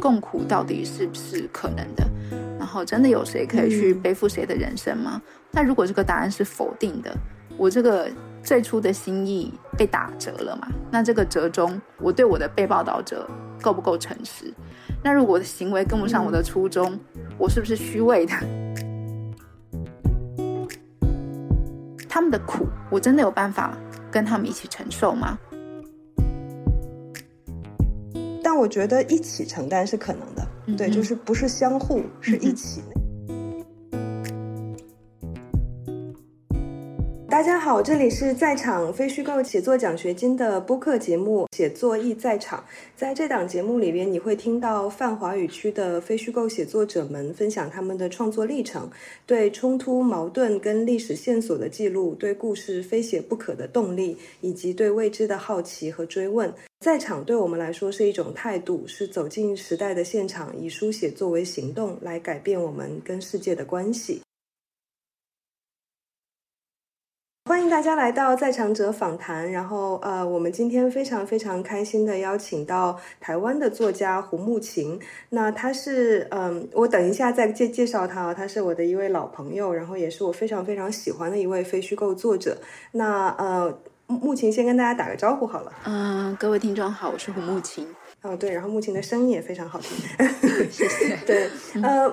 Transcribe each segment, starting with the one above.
共苦到底是不是可能的？然後真的有誰可以去背負誰的人生嗎？嗯、那如果這個答案是否定的，我這個最初的心意被打折了嘛？那這個折中，我對我的被報道者夠不夠誠實？那如果我的行為跟不上我的初衷，嗯、我是不是虛偽的？他們的苦，我真的有辦法跟他們一起承受嗎？我覺得一起承擔是可能的，嗯、哼對，就是不是相互，是一起。嗯、哼大家好，這裡是在場非虛構寫作獎學金的播客節目《寫作亦在場》。在這檔節目裡邊，你會聽到泛華語區的非虛構寫作者們分享他們的創作歷程、對衝突矛盾跟歷史線索的記錄、對故事非寫不可的動力，以及對未知的好奇和追問。在場對我們來說是一種態度，是走進時代的現場，以書寫作為行動來改變我們跟世界的關係。歡迎大家來到在場者訪談。然後，呃，我們今天非常非常開心的邀請到台灣的作家胡慕情。那他是，嗯、呃，我等一下再介介紹他啊、哦，他是我的一位老朋友，然後也是我非常非常喜歡的一位非虛構作者。那，呃。慕情，先跟大家打個招呼好了。嗯，各位聽眾好，我是胡慕情。哦，對，然後慕情的聲音也非常好聽， 謝謝。對，呃，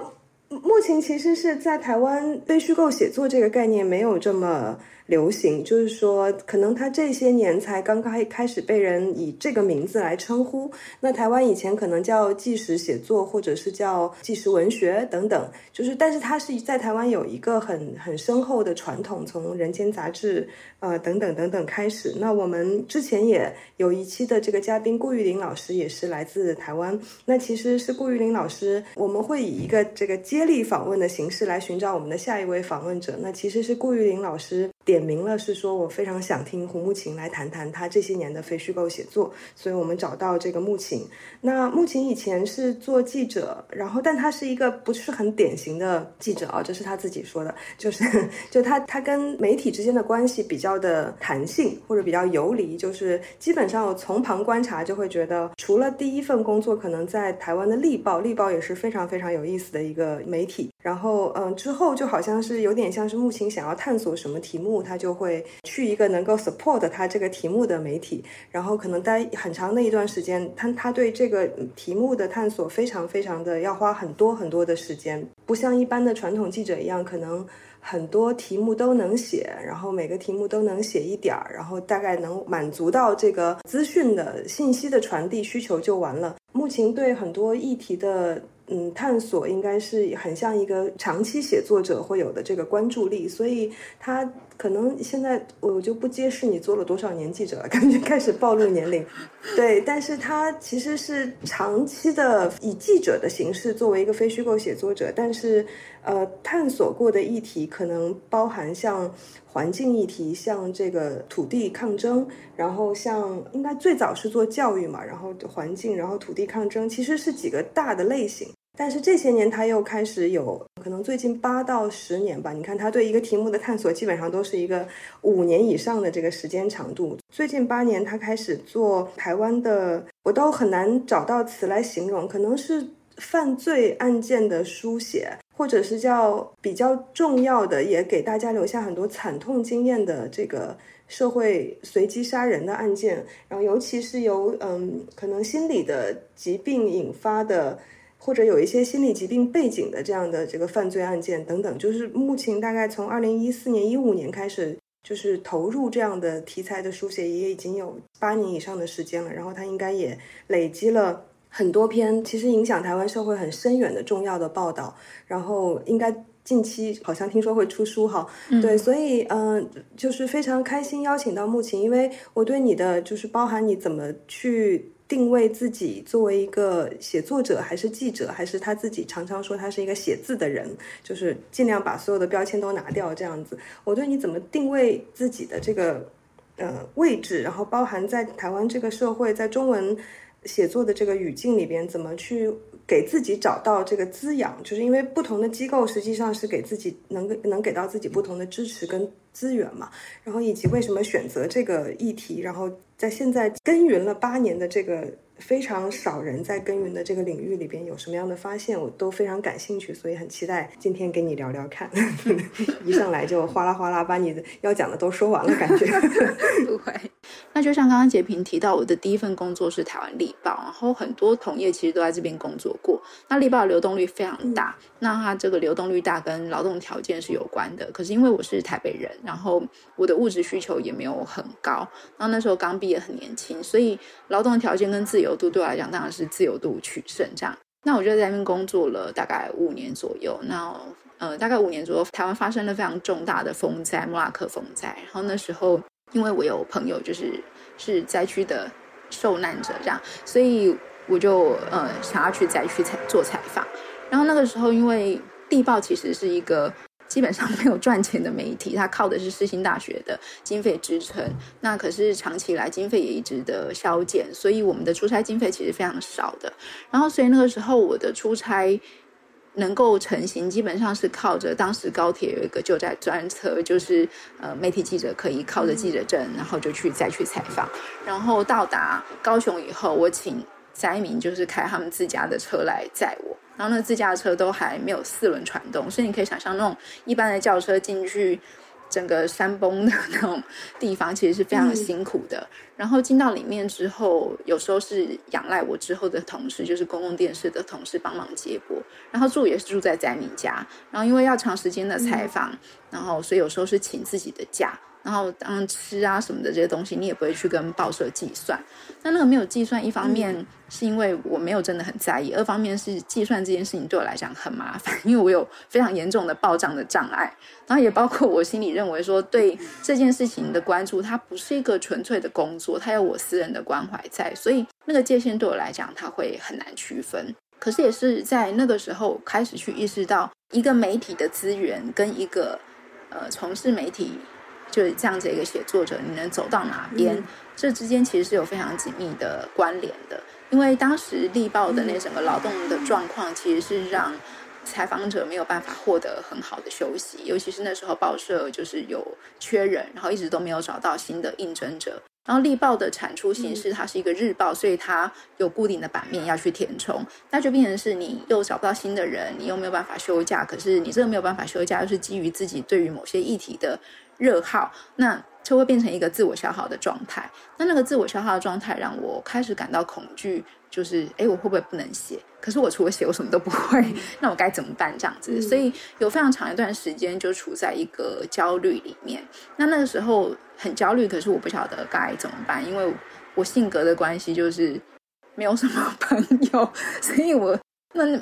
慕情其實是在台灣，非虛構寫作這個概念沒有這麼。流行就是說，可能他這些年才剛剛開、開始被人以這個名字來稱呼。那台灣以前可能叫紀實寫作，或者是叫紀實文學等等。就是，但是他是在台灣有一個很很深厚的傳統，從《人間》雜誌呃等等等等開始。那我們之前也有一期的這個嘉賓顧玉玲老師也是來自台灣。那其實是顧玉玲老師，我們會以一個這個接力訪問的形式來尋找我們的下一位訪問者。那其實是顧玉玲老師。點名了是說，我非常想聽胡慕情來談談他這些年的非虛構寫作，所以我們找到這個慕情。那慕情以前是做記者，然後但他是一個不是很典型的記者啊，這是他自己說的，就是就他他跟媒體之間的關係比較的彈性或者比較游離，就是基本上我從旁觀察就會覺得，除了第一份工作可能在台灣的《立報》，《立報》也是非常非常有意思的一個媒體。然後嗯，之後就好像是有點像是慕情想要探索什麼題目。他就會去一個能夠 support 他這個題目的媒體，然後可能待很長的一段時間。他他對這個題目的探索非常非常的要花很多很多的時間，不像一般的傳統記者一樣，可能很多題目都能寫，然後每個題目都能寫一點兒，然後大概能滿足到這個資訊的信息的傳遞需求就完了。目前對很多議題的嗯探索，應該是很像一個長期寫作者會有的這個關注力，所以他。可能現在我就不揭示，你做了多少年記者了，感覺開始暴露年齡。對，但是他其實是長期的以記者的形式作為一個非虛構寫作者，但是呃，探索過的議題可能包含像環境議題，像這個土地抗爭，然後像應該最早是做教育嘛，然後環境，然後土地抗爭，其實是幾個大的類型。但是這些年，他又開始有可能最近八到十年吧。你看他對一個題目的探索，基本上都是一個五年以上的這個時間長度。最近八年，他開始做台灣的，我都很難找到詞來形容，可能是犯罪案件的書寫，或者是叫比較重要的，也給大家留下很多慘痛經驗的這個社會隨機殺人的案件。然後，尤其是由嗯可能心理的疾病引發的。或者有一些心理疾病背景的這樣的這個犯罪案件等等，就是慕情大概從二零一四年一五年開始，就是投入這樣的題材的書寫，也已經有八年以上的時間了。然後他應該也累積了很多篇，其實影響台灣社會很深遠的重要的報道。然後應該近期好像聽說會出書哈、嗯。對，所以嗯、呃，就是非常開心邀請到慕情，因為我對你的就是包含你怎麼去。定位自己作為一個寫作者，還是記者，還是他自己常常說他是一個寫字的人，就是盡量把所有的標籤都拿掉，這樣子。我對你怎麼定位自己的這個呃位置，然後包含在台灣這個社會，在中文寫作的這個語境裡邊，怎麼去？給自己找到這個滋養，就是因為不同的機構實際上是給自己能給能給到自己不同的支持跟資源嘛。然後以及為什麼選擇這個議題，然後在現在耕耘了八年的這個。非常少人在耕耘的這個領域裡邊有什麼樣的發現，我都非常感興趣，所以很期待今天跟你聊聊看。 一上來就嘩啦嘩啦把你要講的都說完了，感覺。不會，那就像剛剛潔平提到，我的第一份工作是台灣立報，然後很多同業其實都在這邊工作過。那立報的流動率非常大，那它這個流動率大跟勞動條件是有關的。可是因為我是台北人，然後我的物質需求也沒有很高，那那時候剛畢業很年輕，所以勞動條件跟自由。自由度對我來講當然是自由度取勝這樣。那我就在那邊工作了大概五年左右，然後呃大概五年左右，台灣發生了非常重大的風災——莫拉克風災。然後那時候因為我有朋友就是是災區的受難者這樣，所以我就呃想要去災區採做採訪。然後那個時候因為立報其實是一個。基本上沒有賺錢的媒體，它靠的是世新大學的經費支撐。那可是長期以來經費也一直的削減，所以我們的出差經費其實非常少的。然後，所以那個時候我的出差能夠成型，基本上是靠着當時高鐵有一個救災專車，就是呃媒體記者可以靠着記者證，然後就去災區採訪。然後到達高雄以後，我請災民就是開他們自家的車來載我，然後那自駕車都還沒有四輪傳動，所以你可以想象那種一般的轎車進去整個山崩的那種地方，其實是非常辛苦的。嗯、然後進到裡面之後，有時候是仰賴我之後的同事，就是公共電視的同事幫忙接駁。然後住也是住在災民家。然後因為要長時間的採訪，嗯、然後所以有時候是請自己的假。然後當然吃啊什麼的這些東西，你也不會去跟報社計算。但那個沒有計算，一方面是因為我沒有真的很在意，嗯、二方面是計算這件事情對我來講很麻煩，因為我有非常嚴重的報賬的障礙，然後也包括我心裡認為說，對這件事情的關注，它不是一個純粹的工作，它有我私人的關懷在，所以那個界限對我來講，它會很難區分。可是也是在那個時候，開始去意識到，一個媒體的資源跟一個呃從事媒體就是這樣子一個寫作者，你能走到哪邊？嗯這之間其實是有非常緊密的關聯的，因為當時《立報》的那整個勞動的狀況，其實是讓採訪者沒有辦法獲得很好的休息，尤其是那時候報社就是有缺人，然後一直都沒有找到新的應徵者。然後《立報》的產出形式它是一個日報，嗯、所以它有固定的版面要去填充，那就變成是你又找不到新的人，你又沒有辦法休假，可是你這個沒有辦法休假又、就是基於自己對於某些議題的熱好，那就會變成一個自我消耗的狀態，那那個自我消耗的狀態讓我開始感到恐懼，就是誒，我會不會不能寫？可是我除了寫，我什麼都不會，嗯、那我該怎麼辦？這樣子，嗯、所以有非常長一段時間就處在一個焦慮裡面。那那個時候很焦慮，可是我不曉得該怎麼辦，因為我性格的關係就是沒有什麼朋友，所以我。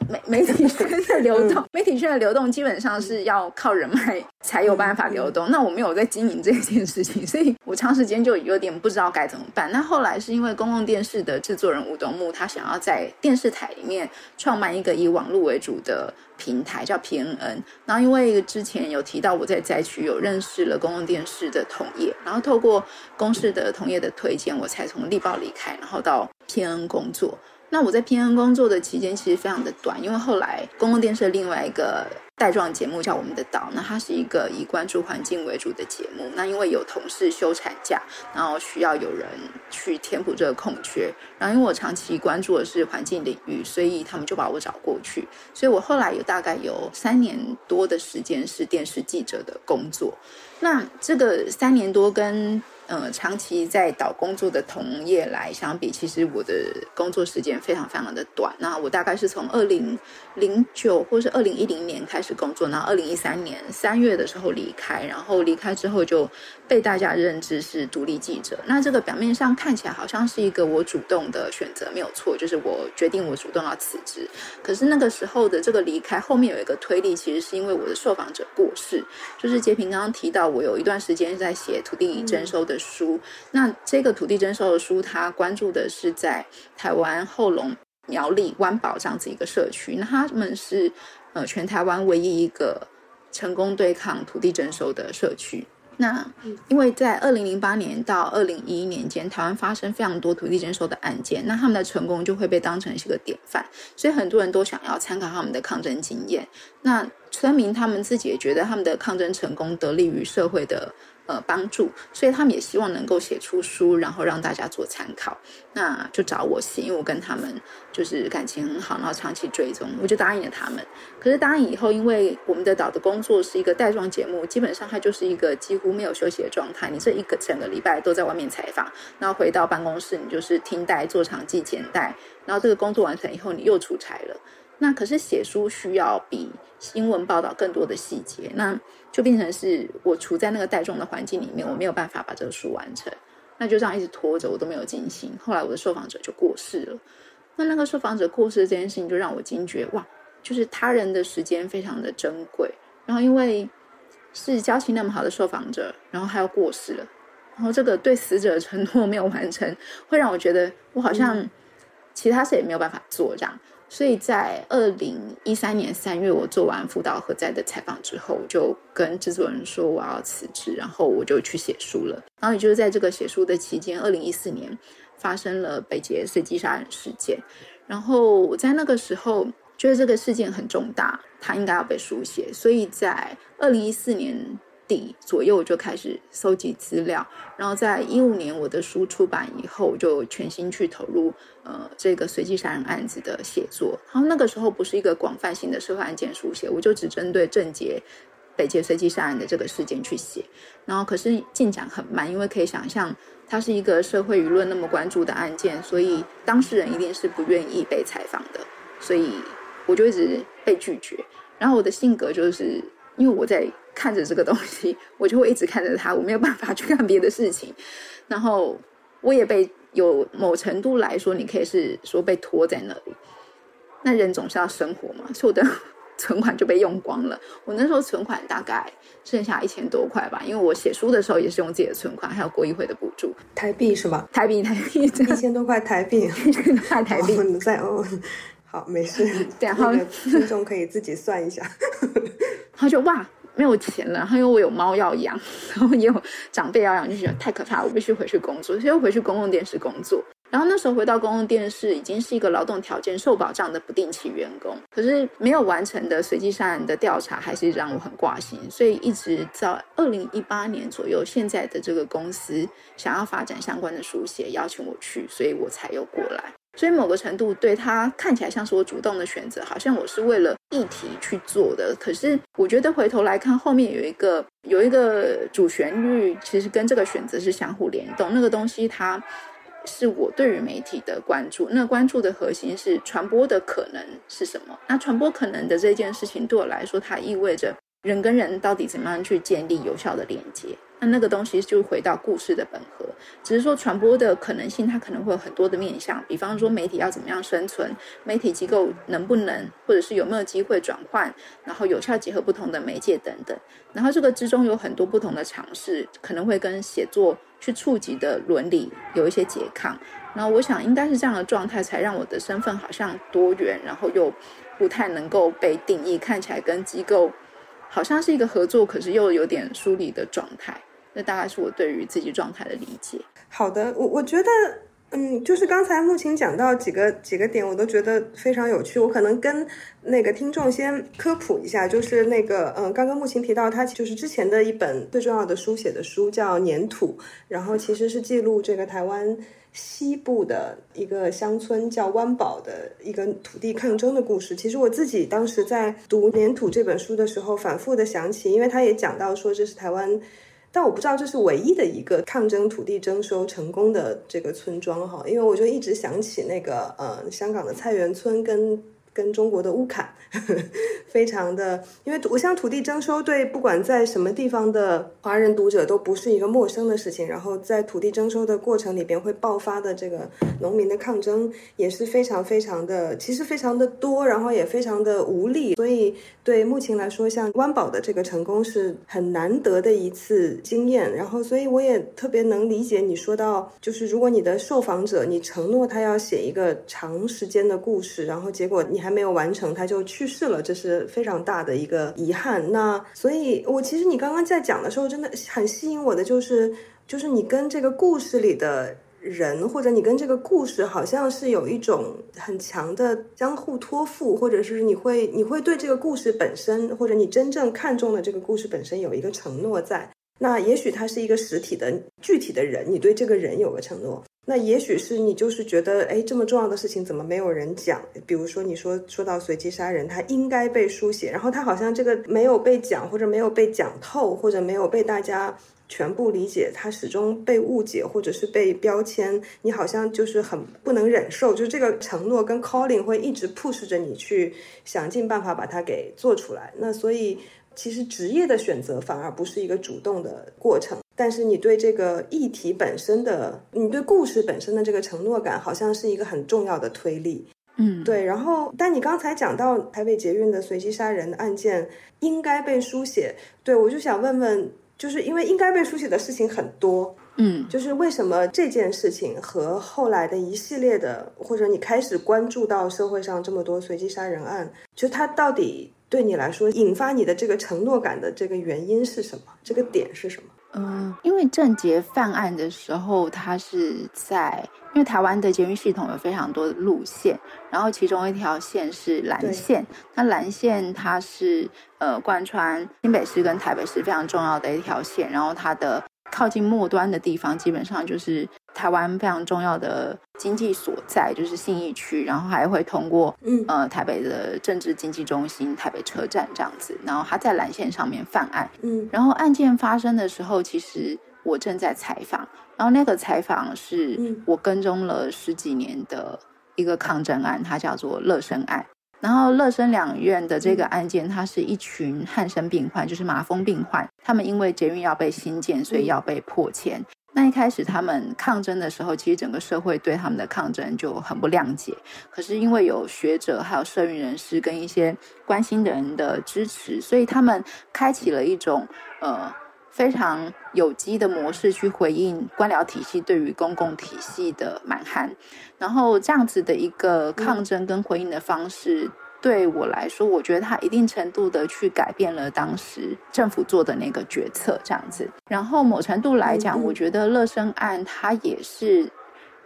媒媒體圈的流動，媒體圈的流動基本上是要靠人脈才有辦法流動。那我沒有在經營這件事情，所以我長時間就有點不知道該怎麼辦。那後來是因為公共電視的制作人吳東牧，他想要在電視台裡面創辦一個以網絡為主的平台，叫 PNN。然後因為之前有提到我在災區有認識了公共電視的同業，然後透過公視的同業的推薦，我才從立報離開，然後到 PNN 工作。那我在平安工作的期間其實非常的短，因為後來公共電視另外一個帶狀節目叫《我們的島》，那它是一個以關注環境為主的節目。那因為有同事休產假，然後需要有人去填補這個空缺，然後因為我長期關注的是環境領域，所以他們就把我找過去。所以我後來有大概有三年多的時間是電視記者的工作。那這個三年多跟。呃，長期在島工作的同業來相比，其實我的工作時間非常非常的短。那我大概是從二零零九或是二零一零年開始工作，然後二零一三年三月的時候離開，然後離開之後就被大家認知是獨立記者。那這個表面上看起來好像是一個我主動的選擇，沒有錯，就是我決定我主動要辭職。可是那個時候的這個離開後面有一個推力，其實是因為我的受訪者過世，就是潔平剛剛提到，我有一段時間在寫土地徵收的、嗯。書，那這個土地徵收的書，它關注的是在台灣後龍苗栗灣寶這樣子一個社區，那他們是呃全台灣唯一一個成功對抗土地徵收的社區。那因為在二零零八年到二零一一年間，台灣發生非常多土地徵收的案件，那他們的成功就會被當成是一個典範，所以很多人都想要參考他們的抗爭經驗。那村民他們自己也覺得他們的抗爭成功得利於社會的呃幫助，所以他們也希望能夠寫出書，然後讓大家做參考。那就找我寫，因為我跟他們就是感情很好，然後長期追蹤，我就答應了他們。可是答應以後，因為我們的島的工作是一個帶狀節目，基本上它就是一個幾乎沒有休息的狀態。你這一個整個禮拜都在外面採訪，然後回到辦公室，你就是聽帶、做場記、剪帶。然後這個工作完成以後，你又出差了。那可是寫書需要比新聞報道更多的細節，那就變成是我處在那個帶狀的環境裡面，我沒有辦法把這個書完成，那就這樣一直拖着，我都沒有進行。後來我的受訪者就過世了，那那個受訪者過世的這件事情就讓我驚覺，哇，就是他人的時間非常的珍貴。然後因為是交情那麼好的受訪者，然後他要過世了，然後這個對死者的承諾沒有完成，會讓我覺得我好像其他事也沒有辦法做這樣。所以在二零一三年三月，我做完《福島何在》的採訪之後，就跟制作人說我要辭職，然後我就去寫書了。然後也就是在這個寫書的期間，二零一四年發生了北捷隨機殺人事件，然後我在那個時候覺得這個事件很重大，它應該要被書寫，所以在二零一四年。底左右就開始搜集資料，然後在一五年我的書出版以後，就全心去投入呃這個隨機殺人案子的寫作。然後那個時候不是一個廣泛性的社會案件書寫，我就只針對鄭捷北捷隨機殺人的這個事件去寫。然後可是進展很慢，因為可以想象它是一個社會輿論那麼關注的案件，所以當事人一定是不願意被採訪的，所以我就一直被拒絕。然後我的性格就是。因為我在看着這個東西，我就會一直看着它，我沒有辦法去幹別的事情。然後我也被有某程度來說，你可以是說被拖在那裡。那人總是要生活嘛，所以我的存款就被用光了。我那時候存款大概剩下一千多塊吧，因為我寫書的時候也是用自己的存款，還有國藝會的補助。台幣是吧？台幣，台幣，一千多塊台幣，大 台幣、哦哦、好，沒事。 對，然後聽眾可以自己算一下。 他就哇，沒有錢了，然後因為我有貓要養，然後也有長輩要養，就覺得太可怕，我必須回去工作，所以又回去公共電視工作。然後那時候回到公共電視已經是一個勞動條件受保障的不定期員工，可是沒有完成的隨機殺人的調查還是讓我很掛心，所以一直到二零一八年左右，現在的這個公司想要發展相關的書寫，邀請我去，所以我才又過來。所以某個程度，對，它看起來像是我主動的選擇，好像我是為了議題去做的。可是我覺得回頭來看，後面有一個有一個主旋律，其實跟這個選擇是相互聯動。那個東西，它是我對於媒體的關注。那關注的核心是傳播的可能是什麼？那傳播可能的這件事情，對我來說，它意味着。人跟人到底怎麼樣去建立有效的連接？那那個東西就回到故事的本核，只是說傳播的可能性，它可能會有很多的面向。比方說，媒體要怎麼樣生存？媒體機構能不能，或者是有沒有機會轉換？然後有效結合不同的媒介等等。然後這個之中有很多不同的嘗試，可能會跟寫作去觸及的倫理有一些拮抗。然後我想，應該是這樣的狀態，才讓我的身份好像多元，然後又不太能夠被定義，看起來跟機構。好像是一個合作，可是又有點疏離的狀態，那大概是我對於自己狀態的理解。好的，我我覺得，嗯，就是剛才慕情講到幾個幾個點，我都覺得非常有趣。我可能跟那個聽眾先科普一下，就是那個，嗯，剛剛慕情提到他就是之前的一本最重要的書寫的書叫《黏土》，然後其實是記錄這個台灣。西部的一個鄉村叫灣寶的一個土地抗爭的故事。其實我自己當時在讀《黏土》這本書的時候，反覆的想起，因為他也講到說這是台灣，但我不知道這是唯一的一個抗爭土地徵收成功的這個村莊哈，因為我就一直想起那個呃香港的菜園村跟。跟中國的烏坎呵呵非常的。因為我想土地徵收對不管在什麼地方的華人讀者都不是一個陌生的事情。然後在土地徵收的過程裡邊會爆發的這個農民的抗爭也是非常非常的，其實非常的多，然後也非常的無力，所以。對，目前來說，像灣寶的這個成功是很難得的一次經驗。然後，所以我也特別能理解你說到，就是如果你的受訪者，你承諾他要寫一個長時間的故事，然後結果你還沒有完成他就去世了，這是非常大的一個遺憾。那所以，我其實你剛剛在講的時候，真的很吸引我的就是，就是你跟這個故事裡的。人或者你跟這個故事好像是有一種很強的相互托付，或者是你會你會對這個故事本身，或者你真正看中的這個故事本身有一個承諾在。那也許他是一個實體的具體的人，你對這個人有個承諾。那也許是你就是覺得，誒，這麼重要的事情怎麼沒有人講？比如說你說說到隨機殺人，他應該被書寫，然後他好像這個沒有被講，或者沒有被講透，或者沒有被大家。全部理解，他始終被誤解或者是被標籤，你好像就是很不能忍受，就是這個承諾跟 calling 會一直 push 着你去想盡辦法把它給做出來。那所以其實職業的選擇反而不是一個主動的過程，但是你對這個議題本身的，你對故事本身的這個承諾感，好像是一個很重要的推力。嗯，對。然後，但你剛才講到台北捷運的隨機殺人的案件應該被書寫，對我就想問問。就是因為應該被書寫的事情很多，嗯，就是為什麼這件事情和後來的一系列的，或者你開始關注到社會上這麼多隨機殺人案，就它到底對你來說引發你的這個承諾感的這個原因是什麼？這個點是什麼？嗯，因為鄭捷犯案的時候，他是在因為台灣的捷運系統有非常多的路線，然後其中一條線是藍線，對那藍線它是呃貫穿新北市跟台北市非常重要的一條線，然後它的靠近末端的地方基本上就是。台灣非常重要的經濟所在就是信義區，然後還會通過嗯呃台北的政治經濟中心台北車站這樣子，然後他在藍線上面犯案，嗯，然後案件發生的時候，其實我正在採訪，然後那個採訪是我跟蹤了十幾年的一個抗爭案，它叫做樂生案，然後樂生兩院的這個案件，嗯、它是一群漢生病患，就是麻風病患，他們因為捷運要被新建，所以要被迫遷那一開始他們抗爭的時候，其實整個社會對他們的抗爭就很不諒解。可是因為有學者、還有社運人士跟一些關心的人的支持，所以他們開啟了一種呃非常有機的模式去回應官僚體系對於公共體系的蠻悍。然後這樣子的一個抗爭跟回應的方式、嗯。對我來說，我覺得他一定程度的去改變了當時政府做的那個決策，這樣子。然後某程度來講，嗯、我覺得樂生案它也是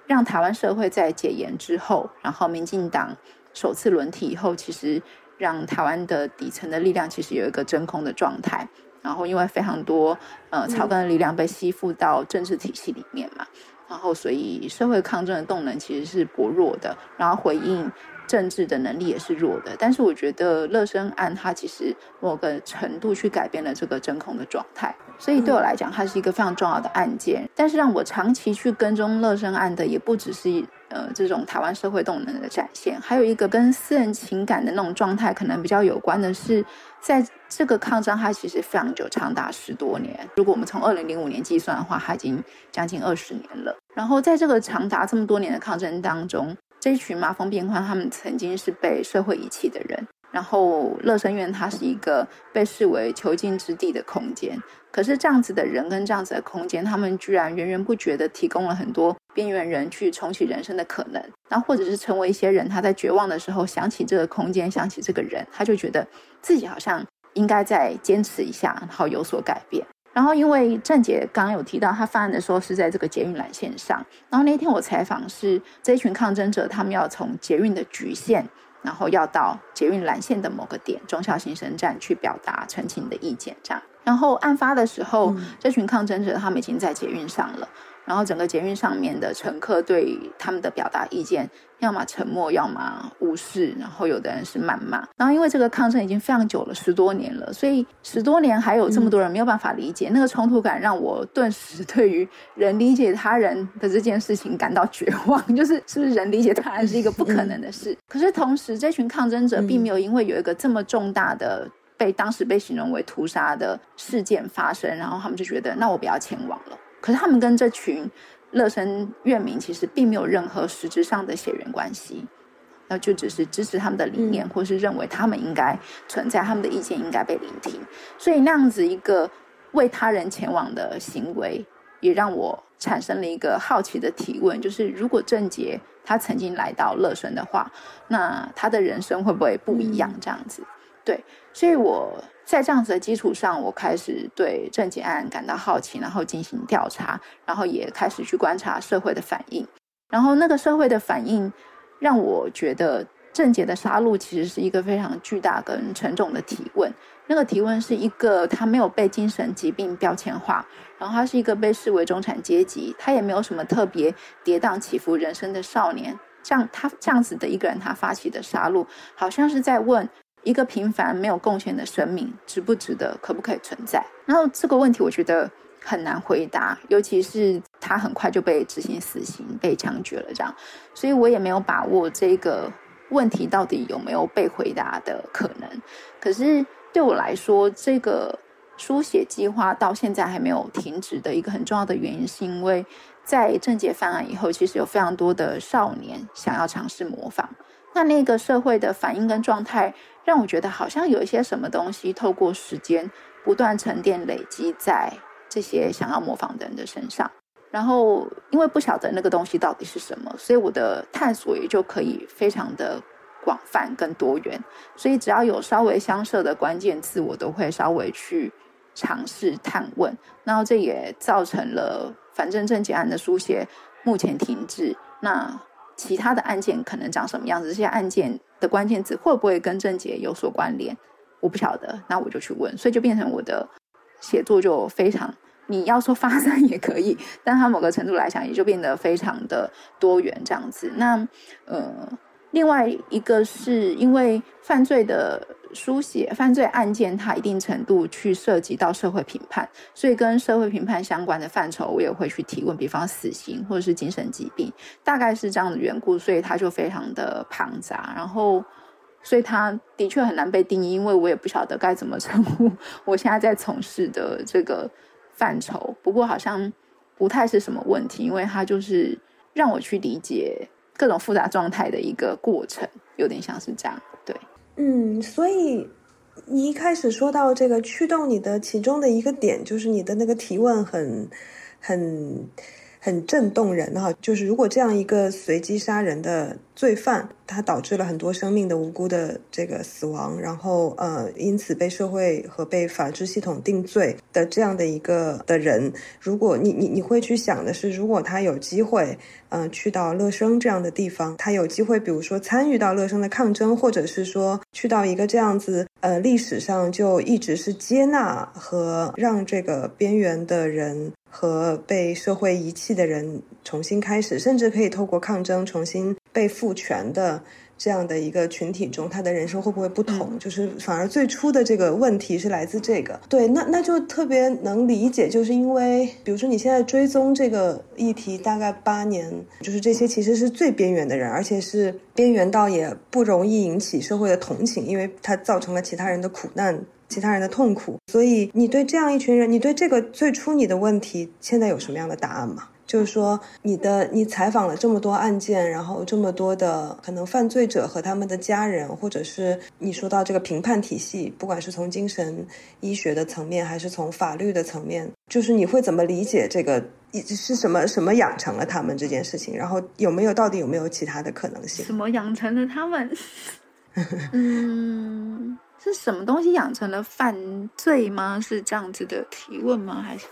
讓台灣社會在解嚴之後，然後民進黨首次輪替以後，其實讓台灣的底層的力量其實有一個真空的狀態。然後因為非常多呃草根的力量被吸附到政治體系裡面嘛。然後，所以社會抗爭的動能其實是薄弱的，然後回應政治的能力也是弱的。但是，我覺得樂生案它其實某個程度去改變了這個真空的狀態，所以對我來講，它是一個非常重要的案件。但是，讓我長期去跟蹤樂生案的也不只是呃，這種台灣社會動能的展現，還有一個跟私人情感的那種狀態可能比較有關的是，在這個抗爭它其實非常久，長達十多年。如果我們從二零零五年計算的話，它已經將近二十年了。然後在這個長達這麼多年的抗爭當中，這群麻風病患他們曾經是被社會遺棄的人。然後樂生院它是一個被視為囚禁之地的空間，可是這樣子的人跟這樣子的空間，他們居然源源不絕的提供了很多邊緣人去重啟人生的可能，那或者是成為一些人他在絕望的時候想起這個空間，想起這個人，他就覺得自己好像應該再堅持一下，然後有所改變。然後因為鄭捷剛剛有提到，他犯案的時候是在這個捷運藍線上，然後那天我採訪是這一群抗爭者，他們要從捷運的橘線。然後要到捷運藍線的某個點，忠孝新生站去表達陳情的意見，這樣。然後案發的時候，嗯、這群抗爭者他們已經在捷運上了。然後整個捷運上面的乘客對他們的表達意見，要麼沉默，要麼無視。然後有的人是謾罵。然後因為這個抗爭已經非常久了，十多年了，所以十多年還有這麼多人沒有辦法理解、嗯、那個衝突感，讓我頓時對於人理解他人的這件事情感到絕望。就是是不是人理解他人是一個不可能的事？ 可是同時，這群抗爭者並沒有因為有一個這麼重大的被當時被形容為屠殺的事件發生，然後他們就覺得那我不要前往了。可是他們跟這群樂生院民其實並沒有任何實質上的血緣關係，那就只是支持他們的理念，嗯、或是認為他們應該存在，他們的意見應該被聆聽。所以那樣子一個為他人前往的行為，也讓我產生了一個好奇的提問：就是如果鄭捷他曾經來到樂生的話，那他的人生會不會不一樣？嗯、這樣子。對，所以我在這樣子的基礎上，我開始對鄭捷案感到好奇，然後進行調查，然後也開始去觀察社會的反應。然後那個社會的反應讓我覺得，鄭捷的殺戮，其實是一個非常巨大跟沉重的提問。那個提問是一個他沒有被精神疾病標籤化，然後他是一個被視為中產階級，他也沒有什麼特別跌宕起伏人生的少年，這樣他這樣子的一個人，他發起的殺戮，好像是在問。一個平凡沒有貢獻的生命，值不值得，可不可以存在？然後這個問題我覺得很難回答，尤其是他很快就被執行死刑，被槍決了這樣，所以我也沒有把握這個問題到底有沒有被回答的可能。可是對我來說，這個書寫計劃到現在還沒有停止的一個很重要的原因，是因為在鄭捷犯案以後，其實有非常多的少年想要嘗試模仿。那那個社會的反應跟狀態，讓我覺得好像有一些什麼東西透過時間不斷沉澱累積在這些想要模仿的人的身上。然後因為不曉得那個東西到底是什麼，所以我的探索也就可以非常的廣泛跟多元。所以只要有稍微相涉的關鍵字，我都會稍微去嘗試探問。然後這也造成了反正鄭捷案的書寫目前停滯。那。其他的案件可能長什麼樣子？這些案件的關鍵詞會不會跟鄭捷有所關聯？我不曉得，那我就去問。所以就變成我的寫作就非常，你要說發散也可以，但它某個程度來講，也就變得非常的多元這樣子。那呃，另外一個是因為犯罪的。書寫犯罪案件，它一定程度去涉及到社會評判，所以跟社會評判相關的範疇，我也會去提問，比方死刑或者是精神疾病，大概是這樣的緣故，所以它就非常的龐雜，然後，所以它的確很難被定義，因為我也不曉得該怎麼稱呼我現在在從事的這個範疇，不過好像不太是什麼問題，因為它就是讓我去理解各種複雜狀態的一個過程，有點像是這樣，對。嗯，所以你一開始說到這個驅動你的其中的一個點，就是你的那個提問很、很、很震動人哈，就是如果這樣一個隨機殺人的。罪犯，他導致了很多生命的無辜的這個死亡，然後呃，因此被社會和被法治系統定罪的這樣的一個的人，如果你你你會去想的是，如果他有機會，嗯、呃，去到樂生這樣的地方，他有機會，比如說參與到樂生的抗爭，或者是說去到一個這樣子，呃，歷史上就一直是接納和讓這個邊緣的人和被社會遺棄的人，重新開始，甚至可以透過抗爭，重新被賦權的這樣的一個群體中，他的人生會不會不同？嗯，就是反而最初的這個問題是來自這個。對，那那就特別能理解，就是因為比如說你現在追蹤這個議題大概八年，就是這些其實是最邊緣的人，而且是邊緣到也不容易引起社會的同情，因為他造成了其他人的苦難、其他人的痛苦。所以你對這樣一群人，你對這個最初你的問題，現在有什麼樣的答案嗎？就是說，你的你採訪了這麼多案件，然後這麼多的可能犯罪者和他們的家人，或者是你說到這個評判體系，不管是從精神醫學的層面，還是從法律的層面，就是你會怎麼理解這個？是什麼什麼養成了他們這件事情？然後有沒有到底有沒有其他的可能性？什麼養成了他們？ 嗯，是什麼東西養成了犯罪嗎？是這樣子的提問嗎？還是？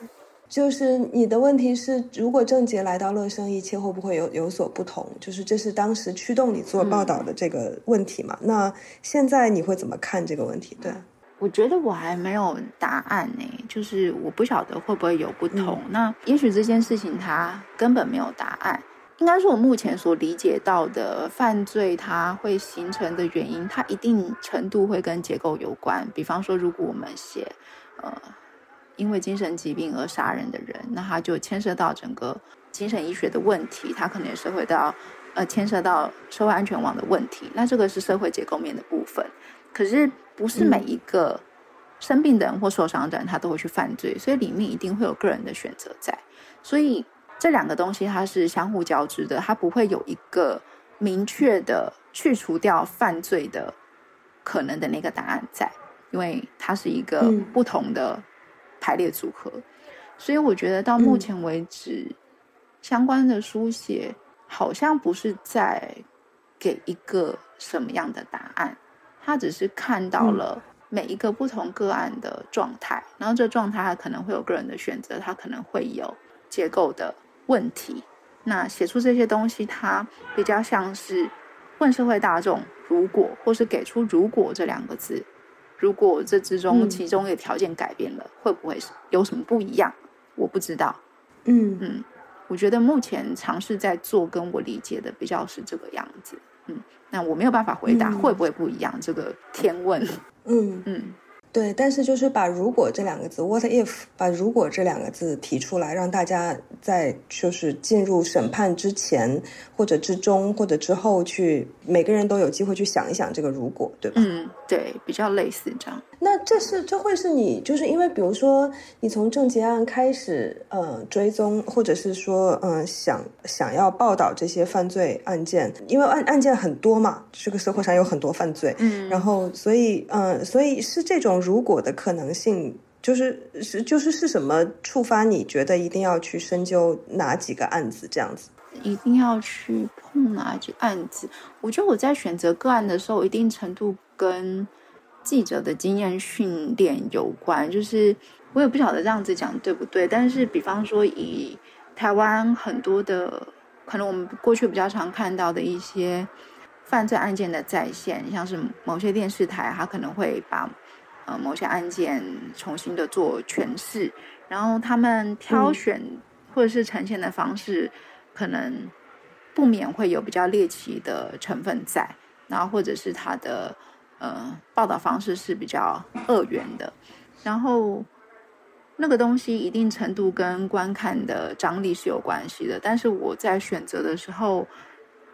就是你的問題是，如果鄭捷來到樂生，一切會不會有有所不同？就是這是當時驅動你做報道的這個問題嘛？嗯、那現在你會怎麼看這個問題？對，我覺得我還沒有答案呢。就是我不曉得會不會有不同。嗯、那也許這件事情它根本沒有答案。應該是我目前所理解到的犯罪，它會形成的原因，它一定程度會跟結構有關。比方說，如果我們寫，呃。因為精神疾病而殺人的人，那他就牽涉到整個精神醫學的問題，他可能也涉及到，呃，牽涉到社會安全網的問題。那這個是社會結構面的部分。可是不是每一個生病的人或受傷的人，他都會去犯罪，嗯、所以裡面一定會有個人的選擇在。所以這兩個東西它是相互交織的，它不會有一個明確的去除掉犯罪的可能的那個答案在，因為它是一個不同的、嗯。排列組合，所以我覺得到目前為止，嗯、相關的書寫好像不是在給一個什麼樣的答案，他只是看到了每一個不同個案的狀態，嗯、然後這狀態他可能會有個人的選擇，他可能會有結構的問題。那寫出這些東西，它比較像是問社會大眾：如果，或是給出“如果”這兩個字。如果這之中其中一個條件改變了，嗯、會不會有什麼不一樣？我不知道。嗯嗯，我覺得目前嘗試在做，跟我理解的比較是這個樣子。嗯，那我沒有辦法回答會不會不一樣、嗯、這個天問。嗯嗯。嗯對，但是就是把“如果”這兩個字，what if，把“如果”這兩個字提出來，讓大家在就是進入審判之前，或者之中，或者之後去，每個人都有機會去想一想這個“如果”，對吧？嗯，對，比較類似這樣。那這是這會是你就是因為，比如說你從鄭捷案開始，呃追蹤，或者是說，呃想想要報道這些犯罪案件，因為案案件很多嘛，這個社會上有很多犯罪，嗯，然後所以，呃，所以是這種如果的可能性，就是是就是是什麼觸發你覺得一定要去深究哪幾個案子這樣子？一定要去碰哪幾案子？我覺得我在選擇個案的時候，一定程度跟。記者的經驗訓練有關，就是我也不曉得這樣子講對不對。但是，比方說，以台灣很多的，可能我們過去比較常看到的一些犯罪案件的再現，像是某些電視台，它可能會把、呃、某些案件重新的做詮釋，然後他們挑選或者是呈現的方式，嗯、可能不免會有比較獵奇的成分在，然後或者是它的。呃，報道方式是比較二元的，然後那個東西一定程度跟觀看的張力是有關係的。但是我在選擇的時候，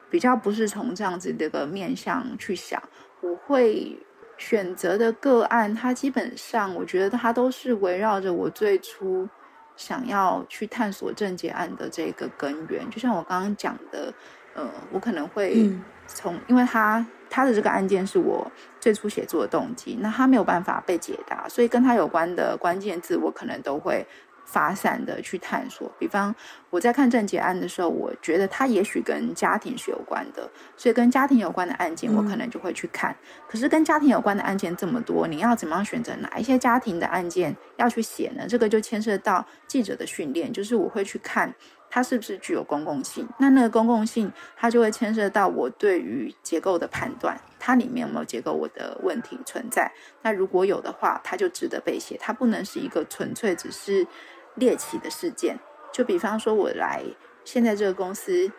比較不是從這樣子的一個面向去想，我會選擇的個案，它基本上我覺得它都是圍繞着我最初想要去探索鄭捷案的這個根源。就像我剛剛講的，呃，我可能會從、嗯、因為它。他的這個案件是我最初寫作的動機，那他沒有辦法被解答，所以跟他有關的關鍵字我可能都會發散的去探索。比方我在看鄭捷案的時候，我覺得他也許跟家庭是有關的，所以跟家庭有關的案件我可能就會去看。嗯、可是跟家庭有關的案件這麼多，你要怎麼樣選擇哪一些家庭的案件要去寫呢？這個就牽涉到記者的訓練，就是我會去看。它是不是具有公共性？那那個公共性，它就會牽涉到我對於結構的判斷，它裡面有沒有結構？我的問題存在？那如果有的話，它就值得被寫。它不能是一個純粹只是獵奇的事件。就比方說，我來現在這個公司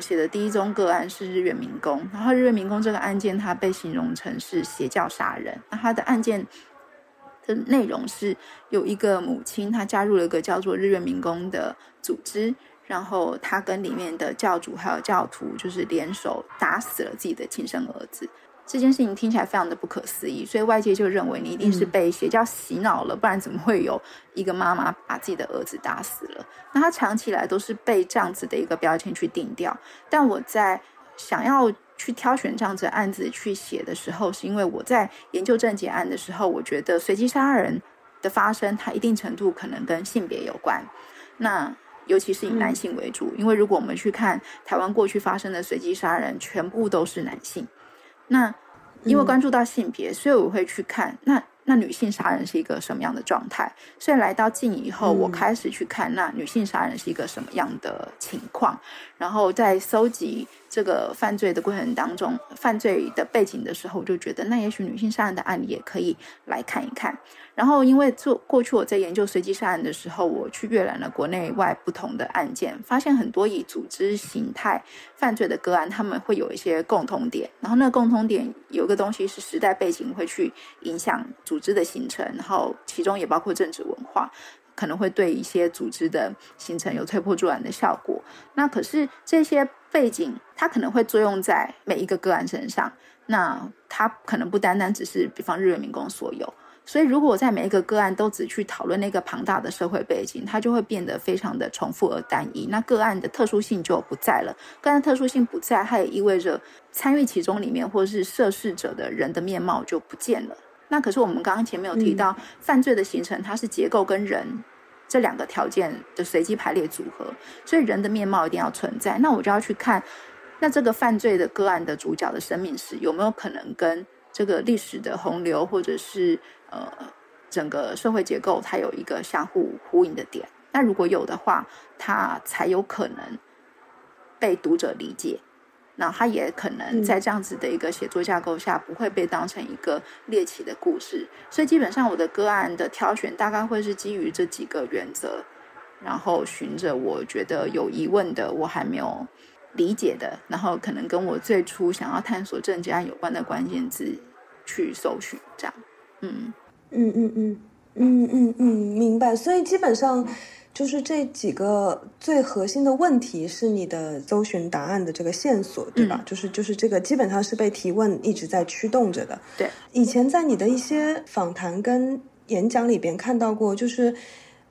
寫的第一宗個案是日月明功，然後日月明功這個案件，它被形容成是邪教殺人。那它的案件的內容是有一個母親，她加入了一個叫做日月明功的組織。然後他跟裡面的教主還有教徒就是聯手打死了自己的親生兒子，這件事情聽起來非常的不可思議，所以外界就認為你一定是被邪教洗腦了，嗯、不然怎麼會有一個媽媽把自己的兒子打死了？那他長期來都是被這樣子的一個標籤去定調。但我在想要去挑選這樣子的案子去寫的時候，是因為我在研究鄭捷案的時候，我覺得隨機殺人的發生，它一定程度可能跟性別有關。那尤其是以男性為主，嗯、因為如果我們去看台灣過去發生的隨機殺人，全部都是男性。那因為關注到性別，嗯、所以我會去看那那女性殺人是一個什麼樣的狀態。所以來到近以後，嗯、我開始去看那女性殺人是一個什麼樣的情況。然後在蒐集這個犯罪的過程當中，犯罪的背景的時候，我就覺得那也許女性殺人的案例也可以來看一看。然後，因為做過去我在研究隨機殺案的時候，我去閱覽了國內外不同的案件，發現很多以組織形態犯罪的個案，他們會有一些共通點。然後，那個共通點有一個東西是時代背景會去影響組織的形成，然後其中也包括政治文化，可能會對一些組織的形成有推波助瀾的效果。那可是這些背景，它可能會作用在每一個個案身上，那它可能不單單只是，比方日月明功所有。所以，如果在每一個個案都只去討論那個龐大的社會背景，它就會變得非常的重複而單一。那個案的特殊性就不在了。個案的特殊性不在，它也意味着參與其中裡面或是涉事者的人的面貌就不見了。那可是我們剛剛前面有提到，嗯、犯罪的形成它是結構跟人這兩個條件的隨機排列組合，所以人的面貌一定要存在。那我就要去看，那這個犯罪的個案的主角的生命史有沒有可能跟這個歷史的洪流或者是呃，整個社會結構它有一個相互呼應的點。那如果有的話，它才有可能被讀者理解。那它也可能在這樣子的一個寫作架構下，不會被當成一個獵奇的故事。嗯、所以，基本上我的個案的挑選，大概會是基於這幾個原則，然後循着我覺得有疑問的，我還沒有理解的，然後可能跟我最初想要探索鄭捷案有關的關鍵字去搜尋，這樣。嗯嗯嗯嗯嗯嗯嗯，明白。所以基本上，就是這幾個最核心的問題是你的搜尋答案的這個線索，對吧？嗯、就是就是這個基本上是被提問一直在驅動着的。對，以前在你的一些訪談跟演講裡邊看到過，就是。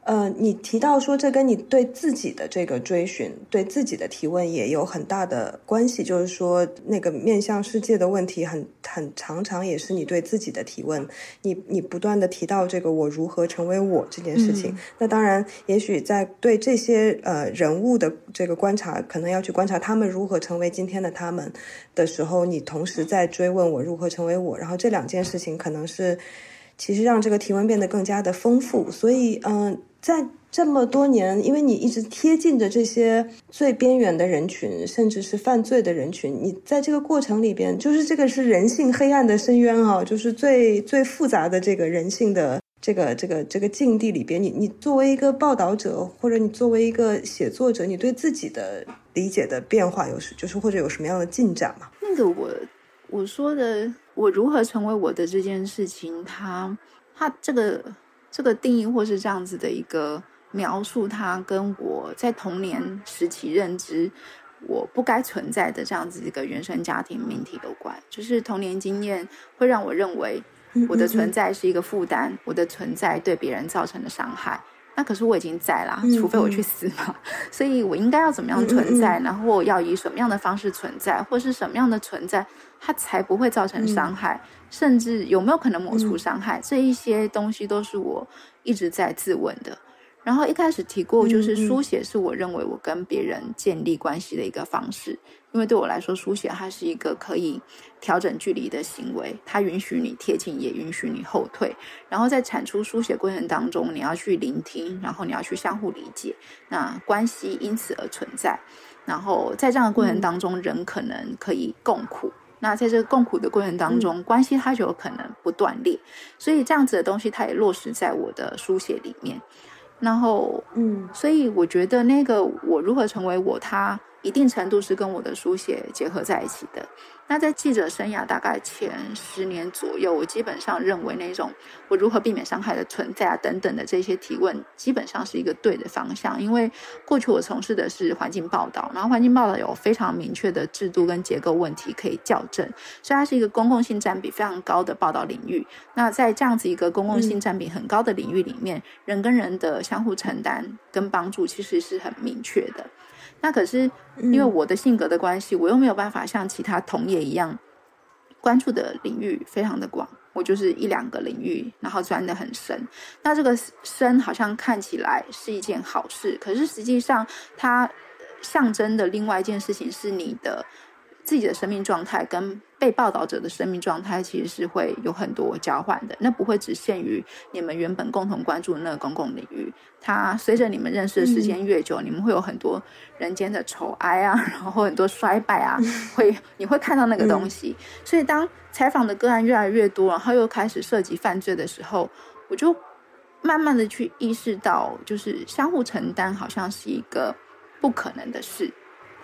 呃，你提到說這跟你對自己的這個追尋、對自己的提問也有很大的關係，就是說那個面向世界的問題很很常常也是你對自己的提問。你你不斷地提到這個“我如何成為我”這件事情，嗯嗯。那當然，也許在對這些呃人物的這個觀察，可能要去觀察他們如何成為今天的他們的時候，你同時在追問我如何成為我，然後這兩件事情可能是其實讓這個提問變得更加的豐富。所以，嗯、呃。在這麼多年，因為你一直貼近着這些最邊緣的人群，甚至是犯罪的人群，你在這個過程裡邊，就是這個是人性黑暗的深淵哦，就是最最複雜的這個人性的這個這個這個境地裡邊，你你作為一個報道者，或者你作為一個寫作者，你對自己的理解的變化，有時就是或者有什麼樣的進展嗎、啊？那個我我說的，我如何成為我的這件事情，它它這個。這個定義或是這樣子的一個描述，它跟我在童年時期認知我不該存在的這樣子一個原生家庭命題有關，就是童年經驗會讓我認為我的存在是一個負擔，我的存在對別人造成的傷害。那可是我已經在啦，除非我去死嘛。嗯、所以我應該要怎麼樣存在，嗯嗯、然後我要以什麼樣的方式存在，或是什麼樣的存在，它才不會造成傷害，嗯、甚至有沒有可能抹除傷害？嗯、這一些東西都是我一直在自問的。然後一開始提過，就是書寫是我認為我跟別人建立關係的一個方式，因為對我來說，書寫它是一個可以。調整距離的行為，它允許你貼近，也允許你後退。然後在產出書寫過程當中，你要去聆聽，然後你要去相互理解。那關係因此而存在。然後在這樣的過程當中，嗯、人可能可以共苦。那在這個共苦的過程當中，嗯、關係它就有可能不斷裂。所以這樣子的東西，它也落實在我的書寫裡面。然後，嗯，所以我覺得那個我如何成為我，它一定程度是跟我的書寫結合在一起的。那在記者生涯大概前十年左右，我基本上認為那種我如何避免傷害的存在啊等等的這些提問，基本上是一個對的方向。因為過去我從事的是環境報道，然後環境報道有非常明確的制度跟結構問題可以校正，所以它是一個公共性佔比非常高的報道領域。那在這樣子一個公共性佔比很高的領域裡面，嗯、人跟人的相互承擔跟幫助其實是很明確的。那可是因為我的性格的關係，我又沒有辦法像其他同業一樣，關注的領域非常的廣，我就是一兩個領域，然後鑽的很深。那這個深好像看起來是一件好事，可是實際上它象徵的另外一件事情是你的自己的生命狀態跟被報道者的生命狀態其實是會有很多交換的，那不會只限於你們原本共同關注的那個公共領域。它隨着你們認識的時間越久，嗯、你們會有很多人間的愁哀啊，然後很多衰敗啊，會你會看到那個東西。嗯、所以當採訪的個案越來越多，然後又開始涉及犯罪的時候，我就慢慢的去意識到，就是相互承擔好像是一個不可能的事。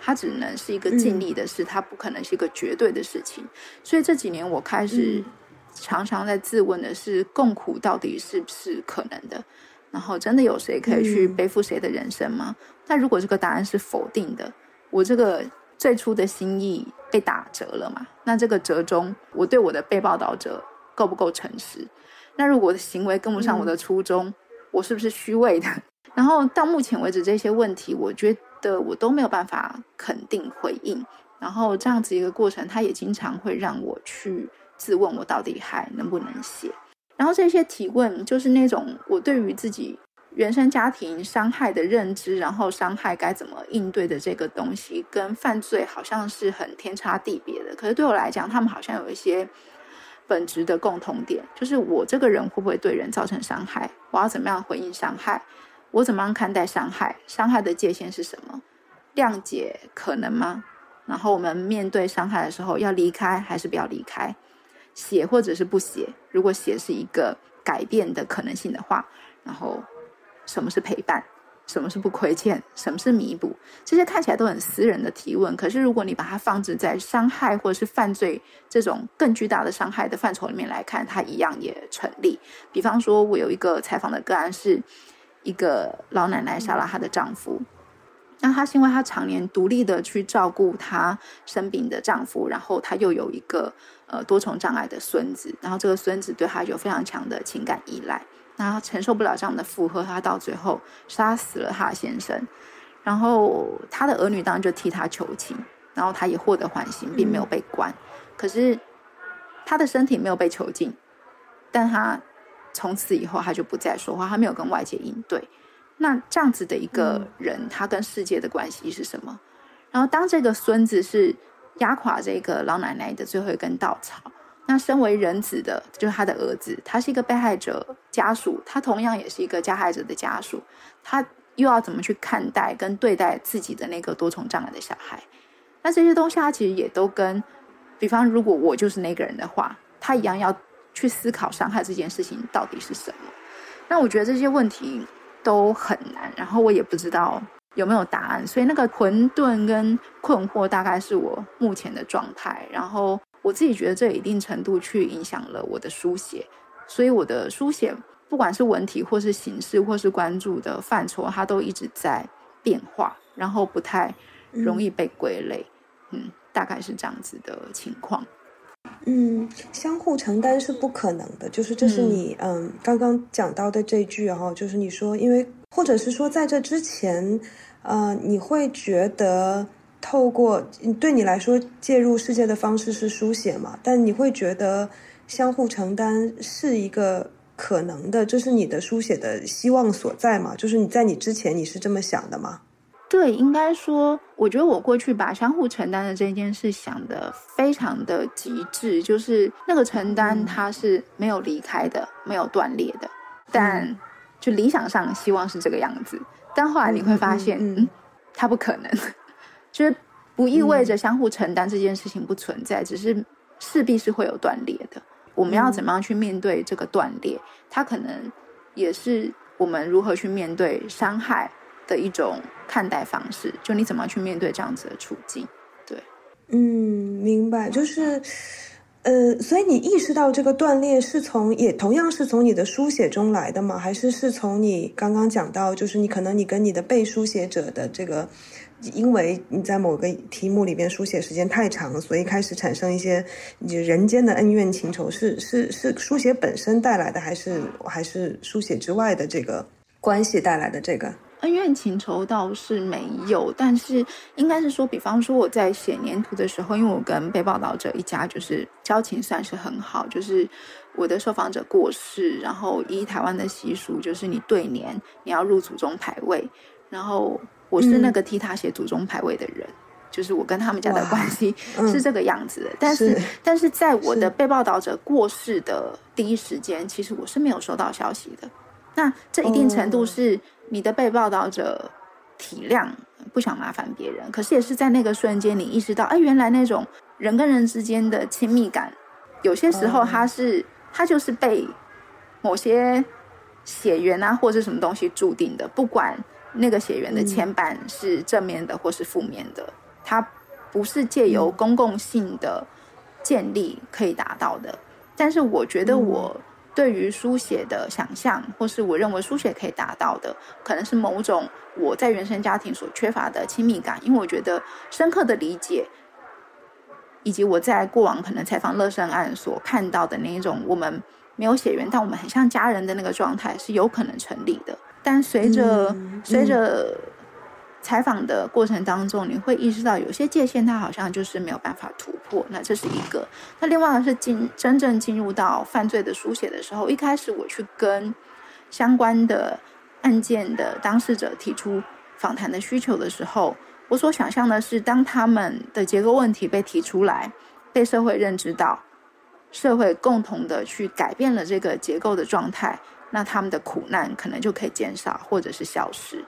他只能是一個盡力的事，他、嗯、不可能是一個絕對的事情。所以這幾年我開始常常在自問的是：共苦到底是不是可能的？然後真的有誰可以去背負誰的人生嗎？但、嗯、如果這個答案是否定的，我這個最初的心意被打折了嘛？那這個折中，我對我的被報道者夠不夠誠實？那如果我的行為跟不上我的初衷，嗯、我是不是虛偽的？然後到目前為止這些問題，我覺得。的我都沒有辦法肯定回應，然後這樣子一個過程，他也經常會讓我去自問，我到底還能不能寫？然後這些提問就是那種我對於自己原生家庭傷害的認知，然後傷害該怎麼應對的這個東西，跟犯罪好像是很天差地別的。可是對我來講，他們好像有一些本質的共同點，就是我這個人會不會對人造成傷害，我要怎麼樣回應傷害？我怎麼樣看待傷害？傷害的界限是什麼？諒解可能嗎？然後我們面對傷害的時候，要離開還是不要離開？寫或者是不寫？如果寫是一個改變的可能性的話，然後什麼是陪伴？什麼是不虧欠？什麼是彌補？這些看起來都很私人的提問，可是如果你把它放置在傷害或者是犯罪這種更巨大的傷害的範疇裡面來看，它一樣也成立。比方說，我有一個採訪的個案是。一個老奶奶殺了她的丈夫，嗯、那她是因為她常年獨立的去照顧她生病的丈夫，然後她又有一個呃多重障礙的孫子，然後這個孫子對她有非常強的情感依賴，然後她承受不了這樣的負荷，她到最後殺死了她先生，然後她的兒女當然就替她求情，然後她也獲得緩刑，並沒有被關，可是她的身體沒有被囚禁，但她。從此以後，他就不再說話，他沒有跟外界應對。那這樣子的一個人，嗯、他跟世界的關係是什麼？然後，當這個孫子是壓垮這個老奶奶的最後一根稻草，那身為人子的，就是他的兒子，他是一個被害者家屬，他同樣也是一個加害者的家屬，他又要怎麼去看待跟對待自己的那個多重障礙的小孩？那這些東西，他其實也都跟，比方，如果我就是那個人的話，他一樣要。去思考傷害這件事情到底是什麼？那我覺得這些問題都很難，然後我也不知道有沒有答案，所以那個混沌跟困惑大概是我目前的狀態。然後我自己覺得這一定程度去影響了我的書寫，所以我的書寫不管是文體或是形式或是關注的範疇，它都一直在變化，然後不太容易被歸類。嗯，嗯，大概是這樣子的情況。嗯，相互承擔是不可能的，就是這是你嗯，嗯剛剛講到的這句哈，哦，就是你說因為或者是說在這之前，呃，你會覺得透過對你來說介入世界的方式是書寫嘛？但你會覺得相互承擔是一個可能的，這是你的書寫的希望所在嘛？就是你在你之前你是這麼想的嗎？對，應該說，我覺得我過去把相互承擔的這一件事想得非常的極致，就是那個承擔它是沒有離開的，沒有斷裂的。但就理想上希望是這個樣子，但後來你會發現，嗯嗯嗯，它不可能。就是不意味着相互承擔這件事情不存在，只是勢必是會有斷裂的。我們要怎麼樣去面對這個斷裂？它可能也是我們如何去面對傷害的一種看待方式，就你怎麼去面對這樣子的處境？對，嗯，明白。就是，呃，所以你意識到這個斷裂是從，也同樣是從你的書寫中來的嗎？還是是從你剛剛講到，就是你可能你跟你的被書寫者的這個，因為你在某個題目裡邊書寫時間太長，所以開始產生一些你人間的恩怨情仇，是是是書寫本身帶來的，還是還是書寫之外的這個關係帶來的這個？恩怨情仇倒是沒有，但是應該是說，比方說我在寫黏土的時候，因為我跟被報道者一家就是交情算是很好，就是我的受訪者過世，然後依台灣的習俗，就是你對年你要入祖宗牌位，然後我是那個替他寫祖宗牌位的人，嗯、就是我跟他們家的關係哇是這個樣子的。嗯、但是，是但是在我的被報道者過世的第一時間，是其實我是沒有收到消息的。那這一定程度是、哦。你的被報道者體諒，不想麻煩別人，可是也是在那個瞬間，你意識到，哎，原來那種人跟人之間的親密感，有些時候它是、哦、它就是被某些血緣啊或者是什麼東西注定的，不管那個血緣的牽絆是正面的或是負面的，嗯、它不是借由公共性的建立可以達到的。但是我覺得我。嗯對於書寫的想象，或是我認為書寫可以達到的，可能是某種我在原生家庭所缺乏的親密感，因為我覺得深刻的理解，以及我在過往可能採訪樂生案所看到的那一種，我們沒有血緣但我們很像家人的那個狀態，是有可能成立的。但隨着、嗯嗯、隨着。採訪的過程當中，你會意識到有些界限，它好像就是沒有辦法突破。那這是一個。那另外呢？是進真正進入到犯罪的書寫的時候，一開始我去跟相關的案件的當事者提出訪談的需求的時候，我所想象的是，當他們的結構問題被提出來，被社會認知到，社會共同的去改變了這個結構的狀態，那他們的苦難可能就可以減少或者是消失。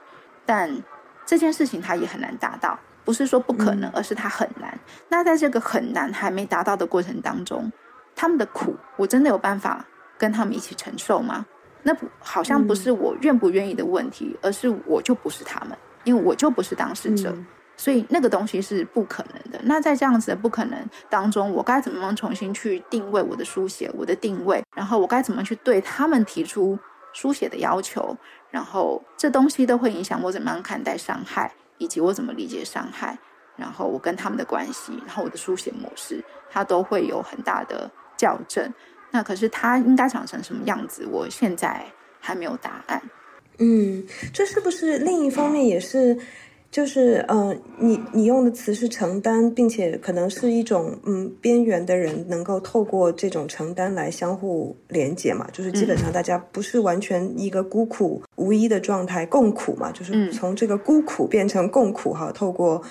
但這件事情他也很難達到，不是說不可能，嗯、而是他很難。那在這個很難還沒達到的過程當中，他們的苦，我真的有辦法跟他們一起承受嗎？那不，那好像不是我願不願意的問題，而是我就不是他們，因為我就不是當事者。嗯、所以那個東西是不可能的。那在這樣子的不可能當中，我該怎麼重新去定位我的書寫，我的定位，然後我該怎麼去對他們提出書寫的要求？然後，這東西都會影響我怎麼樣看待傷害，以及我怎麼理解傷害，然後我跟他們的關係，然後我的書寫模式，它都會有很大的校正。那可是他應該長成什麼樣子，我現在還沒有答案。嗯，這是不是另一方面也是？就是嗯、呃，你你用的詞是承擔，並且可能是一種嗯邊緣的人能夠透過這種承擔來相互連結嘛，就是基本上大家不是完全一個孤苦無依的狀態，共苦嘛，就是從這個孤苦變成共苦哈，透過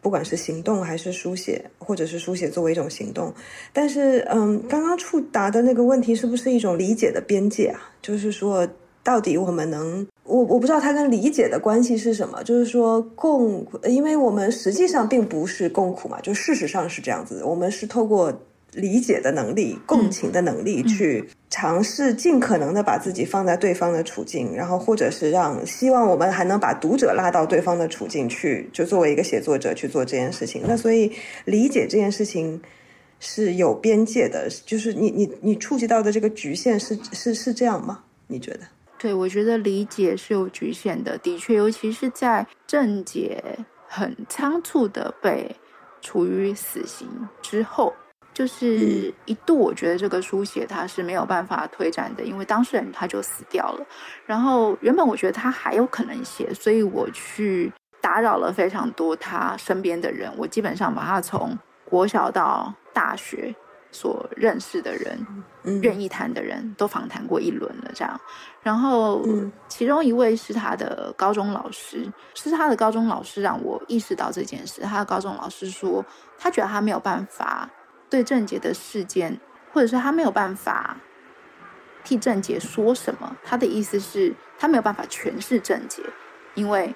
不管是行動還是書寫，或者是書寫作為一種行動，但是嗯，剛剛觸達的那個問題是不是一種理解的邊界啊？就是說到底我們能。我我不知道它跟理解的關係是什麼，就是說共，因為我們實際上並不是共苦嘛，就事實上是這樣子，我們是透過理解的能力、共情的能力去嘗試盡可能的把自己放在對方的處境，然後或者是讓希望我們還能把讀者拉到對方的處境去，就作為一個寫作者去做這件事情。那所以理解這件事情是有邊界的，就是你你你觸及到的這個局限是是是這樣嗎？你覺得？對，我覺得理解是有局限的，的確，尤其是在鄭捷很倉促的被處以死刑之後，就是一度我覺得這個書寫他是沒有辦法推展的，因為當事人他就死掉了。然後原本我覺得他還有可能寫，所以我去打擾了非常多他身邊的人，我基本上把他從國小到大學。所認識的人，願、嗯、意談的人都訪談過一輪了，這樣。然後，嗯、其中一位是他的高中老師，是他的高中老師讓我意識到這件事。他的高中老師說，他覺得他沒有辦法對鄭捷的事件，或者是他沒有辦法替鄭捷說什麼。他的意思是，他沒有辦法詮釋鄭捷，因為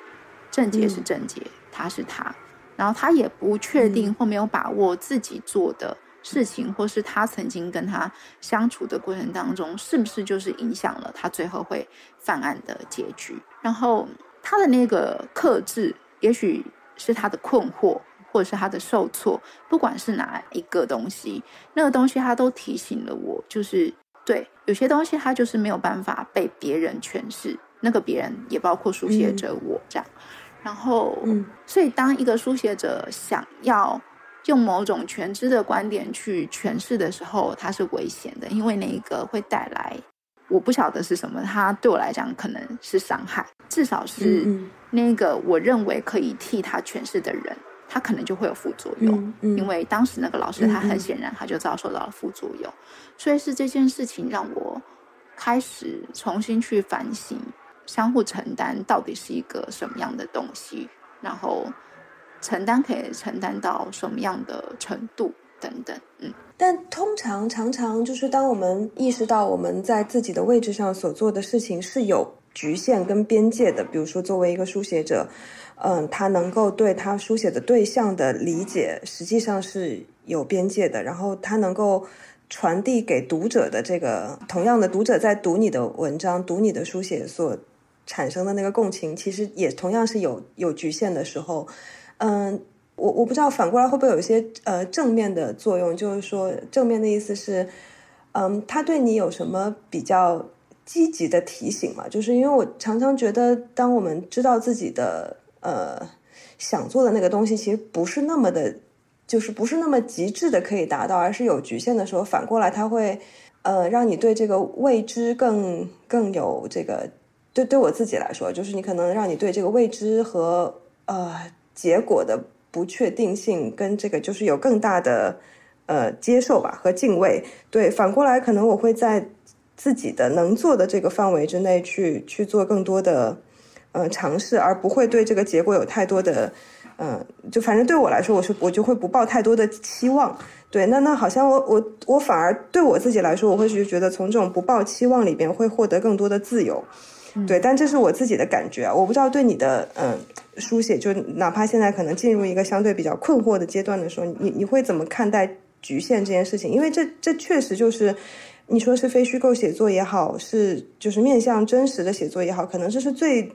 鄭捷是鄭捷，嗯、他是他，然後他也不確定或沒有把握自己做的、嗯。嗯事情，或是他曾經跟他相處的過程當中，是不是就是影響了他最後會犯案的結局？然後他的那個克制，也許是他的困惑，或者是他的受挫，不管是哪一個東西，那個東西他都提醒了我，就是對有些東西，他就是沒有辦法被別人詮釋。那個別人也包括書寫者我這樣。然後，所以當一個書寫者想要。用某種全知的觀點去詮釋的時候，它是危險的，因為那一個會帶來我不曉得是什麼，它對我來講可能是傷害，至少是那個我認為可以替他詮釋的人，他可能就會有副作用。嗯嗯嗯，因為當時那個老師，他很顯然他就遭受到了副作用，所以是這件事情讓我開始重新去反省，相互承擔到底是一個什麼樣的東西，然後。承擔可以承擔到什麼樣的程度等等，嗯，但通常常常就是當我們意識到我們在自己的位置上所做的事情是有局限跟邊界的，比如說作為一個書寫者，嗯，他能夠對他書寫的對象的理解實際上是有邊界的，然後他能夠傳遞給讀者的這個同樣的讀者在讀你的文章、讀你的書寫所產生的那個共情，其實也同樣是有有局限的時候。嗯，我我不知道反過來會不會有一些呃正面的作用，就是說正面的意思是，嗯，他對你有什麼比較積極的提醒嗎？就是因為我常常覺得，當我們知道自己的呃想做的那個東西其實不是那麼的，就是不是那麼極致的可以達到，而是有局限的時候，反過來他會呃讓你對這個未知更更有這個，對，對我自己來說，就是你可能讓你對這個未知和呃。結果的不確定性跟這個就是有更大的呃接受吧和敬畏，對，反過來可能我會在自己的能做的這個範圍之內去去做更多的呃嘗試，而不會對這個結果有太多的嗯、呃，就反正對我來說，我是我就會不抱太多的期望，對，那那好像我我我反而對我自己來說，我會覺得從這種不抱期望裡邊會獲得更多的自由。對，但這是我自己的感覺啊，我不知道對你的嗯書寫，就哪怕現在可能進入一個相對比較困惑的階段的時候，你你會怎麼看待局限這件事情？因為這這確實就是，你說是非虛構寫作也好，是就是面向真實的寫作也好，可能這是最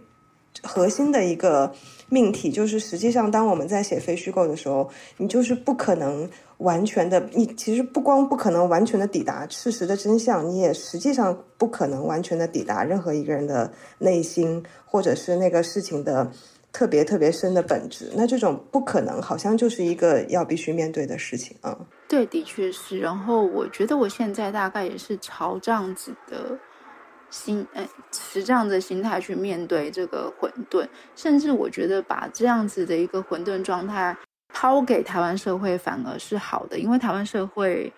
核心的一個命題就是，實際上，當我們在寫非虛構的時候，你就是不可能完全的。你其實不光不可能完全的抵達事實的真相，你也實際上不可能完全的抵達任何一個人的內心，或者是那個事情的特別特別深的本質。那這種不可能，好像就是一個要必須面對的事情啊。對，的確是。然後我覺得我現在大概也是朝這樣子的。心呃，持這樣的心態去面對這個混沌，甚至我覺得把這樣子的一個混沌狀態拋給台灣社會，反而是好的，因為台灣社會，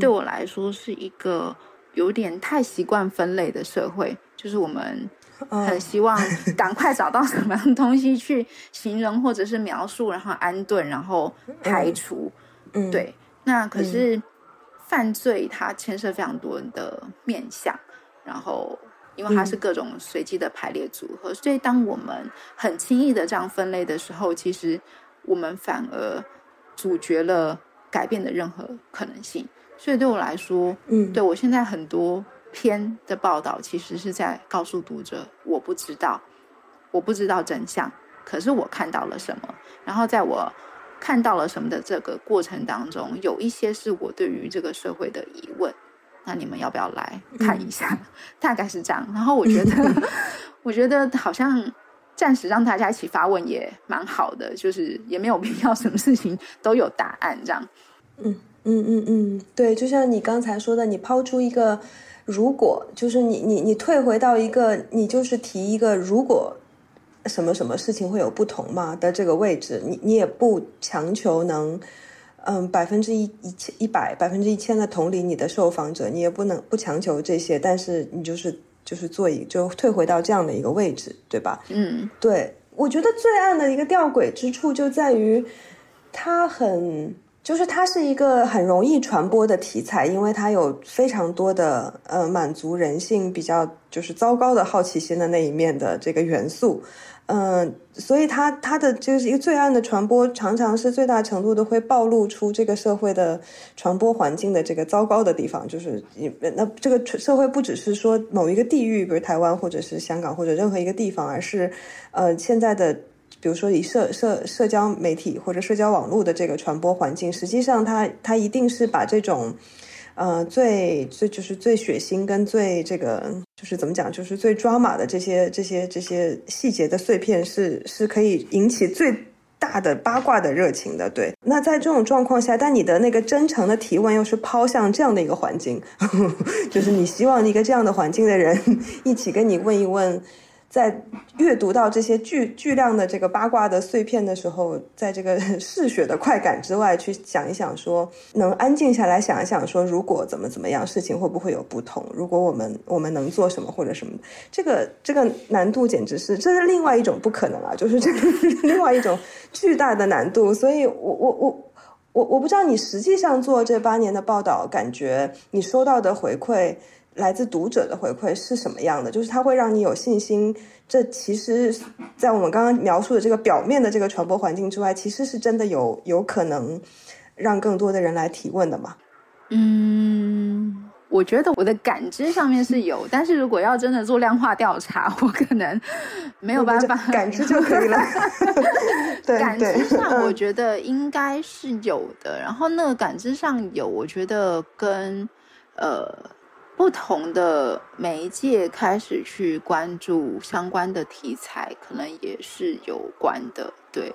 對我來說是一個有點太習慣分類的社會，就是我們很希望趕快找到什麼樣的東西去形容或者是描述，然後安頓，然後排除。嗯、對。嗯、那可是犯罪，它牽涉非常多的面相。然後，因為它是各種隨機的排列組合，嗯，所以當我們很輕易的這樣分類的時候，其實我們反而阻絕了改變的任何可能性。所以對我來說，嗯，對，我現在很多篇的報道，其實是在告訴讀者，我不知道，我不知道真相，可是我看到了什麼。然後，在我看到了什麼的這個過程當中，有一些是我對於這個社會的疑問。那你們要不要來看一下？嗯、大概是這樣。然後我覺得，嗯、我覺得好像暫時讓大家一起發問也蠻好的，就是也沒有必要什麼事情都有答案這樣。嗯嗯嗯嗯，對，就像你剛才說的，你拋出一個如果，就是你你你退回到一個你就是提一個如果什麼什麼事情會有不同嘛的這個位置，你你也不強求能。嗯，百分之一、一千、一百、百分之一千的同理你的受訪者，你也不能不強求這些，但是你就是就是做一個就退回到這樣的一個位置，對吧？嗯，對，我覺得最暗的一個弔詭之處就在於，它很就是它是一個很容易傳播的題材，因為它有非常多的呃滿足人性比較就是糟糕的好奇心的那一面的這個元素。嗯、呃，所以它它的就是一個罪案的傳播，常常是最大程度的會暴露出這個社會的傳播環境的這個糟糕的地方，就是那這個社會不只是說某一個地域，比如台灣或者是香港或者任何一個地方，而是，呃，現在的比如說以社社社交媒體或者社交網絡的這個傳播環境，實際上它它一定是把這種。呃，最最就是最血腥，跟最這個就是怎麼講，就是最抓馬的這些這些這些細節的碎片是，是是可以引起最大的八卦的熱情的。對，那在這種狀況下，但你的那個真誠的提問又是拋向這樣的一個環境， 就是你希望一個這樣的環境的人一起跟你問一問。在閱讀到這些巨巨量的這個八卦的碎片的時候，在這個嗜血的快感之外，去想一想說，說能安靜下來想一想，說如果怎麼怎麼樣，事情會不會有不同？如果我們我們能做什麼或者什麼，這個這個難度簡直是這是另外一種不可能啊，就是這個 另外一種巨大的難度。所以我，我我我我我不知道你實際上做這八年的報道，感覺你收到的回饋。來自讀者的回饋是什麼樣的？就是它會讓你有信心。這其實，在我們剛剛描述的這個表面的這個傳播環境之外，其實是真的有有可能讓更多的人來提問的嘛？嗯，我覺得我的感知上面是有， 但是如果要真的做量化調查，我可能沒有辦法。感知就可以了。 對，感知上我覺得應該是有的。 然後那個感知上有，我覺得跟呃。不同的媒介開始去關注相關的題材，可能也是有關的，對，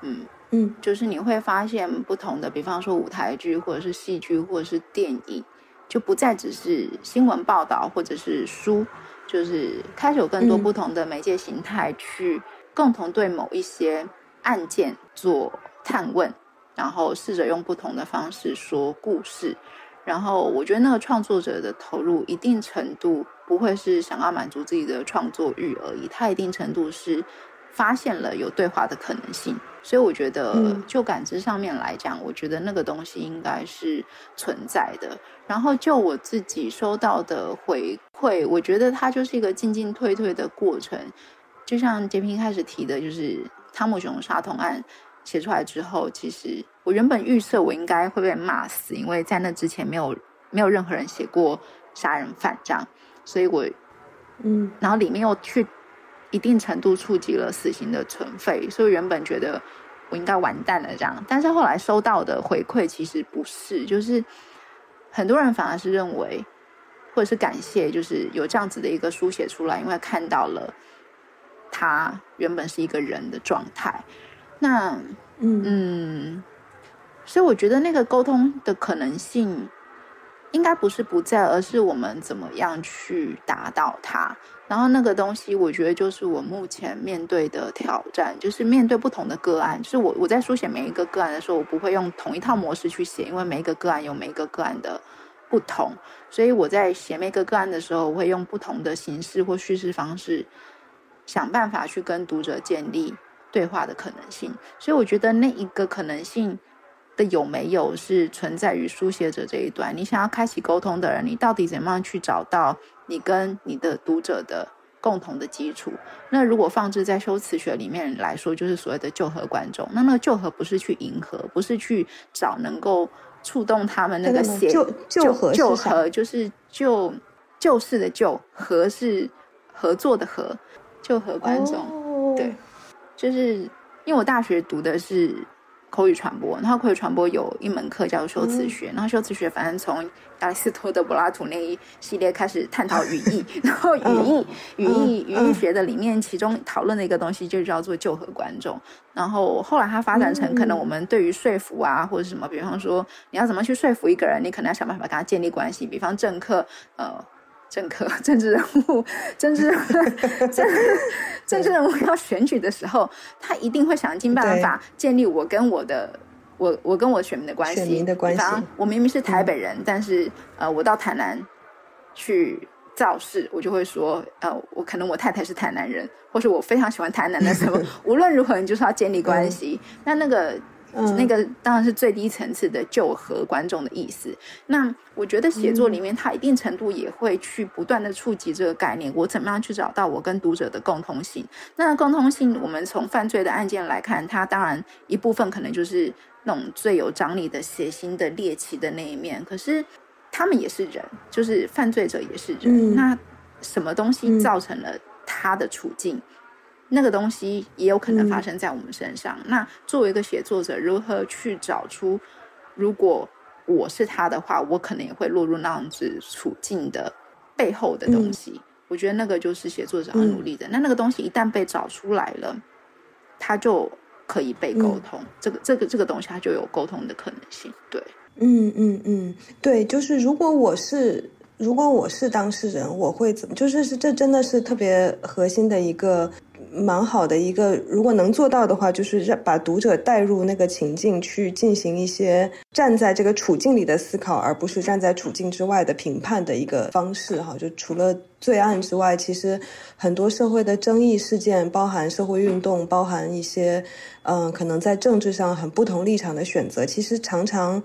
嗯嗯，就是你會發現不同的，比方說舞台劇，或者是戲劇，或者是電影，就不再只是新聞報道或者是書，就是開始有更多不同的媒介形態去共同對某一些案件做探問，然後試着用不同的方式說故事。然後我覺得那個創作者的投入，一定程度不會是想要滿足自己的創作欲而已，他一定程度是發現了有對話的可能性，所以我覺得就感知上面來講，嗯、我覺得那個東西應該是存在的。然後就我自己收到的回饋，我覺得它就是一個進進退退的過程，就像潔平開始提的，就是《湯姆熊殺童案》寫出來之後，其實。我原本預設我應該會被罵死，因為在那之前沒有沒有任何人寫過殺人犯這樣，所以我，嗯，然後裡面又去一定程度觸及了死刑的存廢，所以原本覺得我應該完蛋了這樣，但是後來收到的回饋其實不是，就是很多人反而是認為或者是感謝，就是有這樣子的一個書寫出來，因為看到了他原本是一個人的狀態，那嗯嗯。嗯所以我覺得那個溝通的可能性，應該不是不在，而是我們怎麼樣去達到它。然後那個東西，我覺得就是我目前面對的挑戰，就是面對不同的個案。就是我我在書寫每一個個案的時候，我不會用同一套模式去寫，因為每一個個案有每一個個案的不同。所以我在寫每個個案的時候，我會用不同的形式或敘事方式，想辦法去跟讀者建立對話的可能性。所以我覺得那一個可能性。有沒有是存在於書寫者這一段，你想要開啟溝通的人，你到底怎麼樣去找到你跟你的讀者的共同的基礎？那如果放置在修辭學裡面來説，就是所謂的“就和觀眾”。那“那個就和不是去迎合，不是去找能夠觸動他們那個“就就救救和舊啥就是“就就是的“就合”是合作的合“合就和觀眾”。Oh. 對，就是因為我大學讀的是。口語傳播，然後口語傳播有一門課叫做修辭學，嗯、然後修辭學反正從亞里士多德、柏拉圖那一系列開始探討語義， 然後語義、哦、語義、哦、語義學的裡面，其中討論的一個東西就叫做舊和觀眾，然後後來它發展成可能我們對於說服啊嗯嗯或者什麼，比方說你要怎麼去說服一個人，你可能要想辦法跟他建立關係，比方政客，呃。政客、政治人物、政治人物、政 對政治人物要選舉的時候，他一定會想盡辦法建立我跟我的、對我我跟我選民的關係。的關係。我明明是台北人，對但是呃，我到台南去造勢，我就會說，呃，我可能我太太是台南人，或是我非常喜歡台南的什麼。 無論如何，你就是要建立關係。對那那個。嗯，那個當然是最低層次的救和觀眾的意思。那我覺得寫作裡面，它一定程度也會去不斷的觸及這個概念：我怎麼樣去找到我跟讀者的共通性？那共通性，我們從犯罪的案件來看，它當然一部分可能就是那種最有張力的、血腥的、獵奇的那一面。可是他們也是人，就是犯罪者也是人。嗯，那什麼東西造成了他的處境？那個東西也有可能發生在我們身上。嗯、那作為一個寫作者，如何去找出，如果我是他的話，我可能也會落入那樣子處境的背後的東西。嗯、我覺得那個就是寫作者很努力的。嗯、那那個東西一旦被找出來了，他就可以被溝通。嗯、這個這個這個東西，他就有溝通的可能性。對，嗯嗯嗯，對，就是如果我是如果我是當事人，我會怎麼？就是是這真的是特別核心的一個。蠻好的一個，如果能做到的話，就是讓把讀者帶入那個情境去進行一些站在這個處境裡的思考，而不是站在處境之外的評判的一個方式哈。就除了罪案之外，其實很多社會的爭議事件，包含社會運動，包含一些，嗯、呃，可能在政治上很不同立場的選擇，其實常常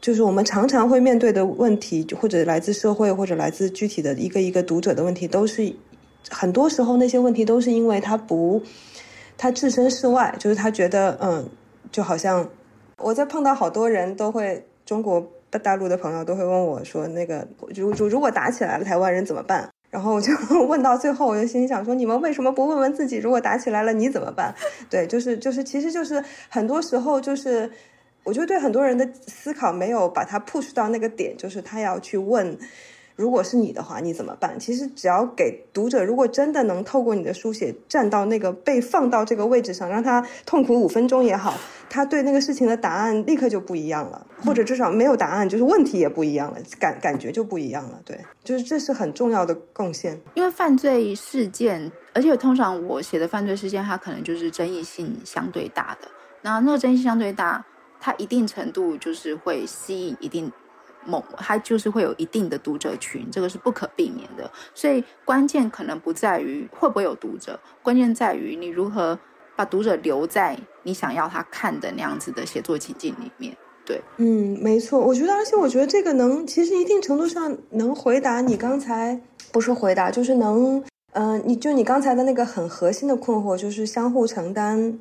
就是我們常常會面對的問題，或者來自社會，或者來自具體的一個一個讀者的問題，都是。很多時候那些問題都是因為他不，他置身事外，就是他覺得嗯，就好像我在碰到好多人都會中國大陸的朋友都會問我說那個，如如如果打起來了台灣人怎麼辦？然後我就問到最後，我就心裡想說你們為什麼不問問自己，如果打起來了你怎麼辦？對，就是就是，其實就是很多時候就是，我覺得對很多人的思考沒有把他 push 到那個點，就是他要去問。如果是你的話，你怎麼辦？其實只要給讀者，如果真的能透過你的書寫站到那個被放到這個位置上，讓他痛苦五分鐘也好，他對那個事情的答案立刻就不一樣了，或者至少沒有答案，就是問題也不一樣了，感感覺就不一樣了。對，就是這是很重要的貢獻。因為犯罪事件，而且通常我寫的犯罪事件，它可能就是爭議性相對大的。那那個爭議性相對大，它一定程度就是會吸引一定。某，它就是會有一定的讀者群，這個是不可避免的。所以關鍵可能不在於會不會有讀者，關鍵在於你如何把讀者留在你想要他看的那樣子的寫作情境裡面。對，嗯，沒錯。我覺得，而且我覺得這個能，其實一定程度上能回答你剛才不是回答，就是能，嗯、呃，你就你剛才的那個很核心的困惑，就是相互承擔。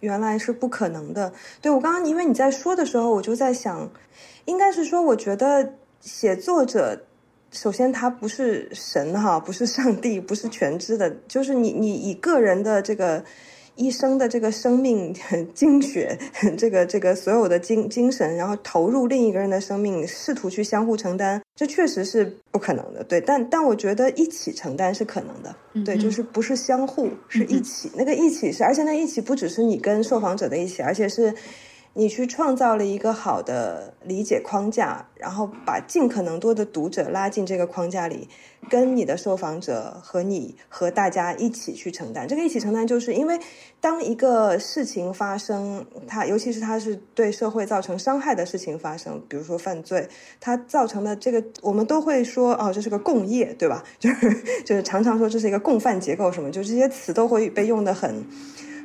原來是不可能的，對，我剛剛因為你在說的時候，我就在想，應該是說，我覺得寫作者，首先他不是神哈、啊，不是上帝，不是全知的，就是你你以個人的這個。一生的這個生命精血，這個這個所有的精精神，然後投入另一個人的生命，試圖去相互承擔，這確實是不可能的，對。但但我覺得一起承擔是可能的，對，嗯、哼就是不是相互，是一起。嗯、哼那個一起是，而且那一起不只是你跟受訪者的一起，而且是。你去創造了一個好的理解框架，然後把盡可能多的讀者拉進這個框架裡，跟你的受訪者和你和大家一起去承擔。這個一起承擔就是因為當一個事情發生，它尤其是它是對社會造成傷害的事情發生，比如說犯罪，它造成的這個我們都會說哦，這是個共業，對吧？就是就是常常說這是一個共犯結構什麼，就這些詞都會被用得很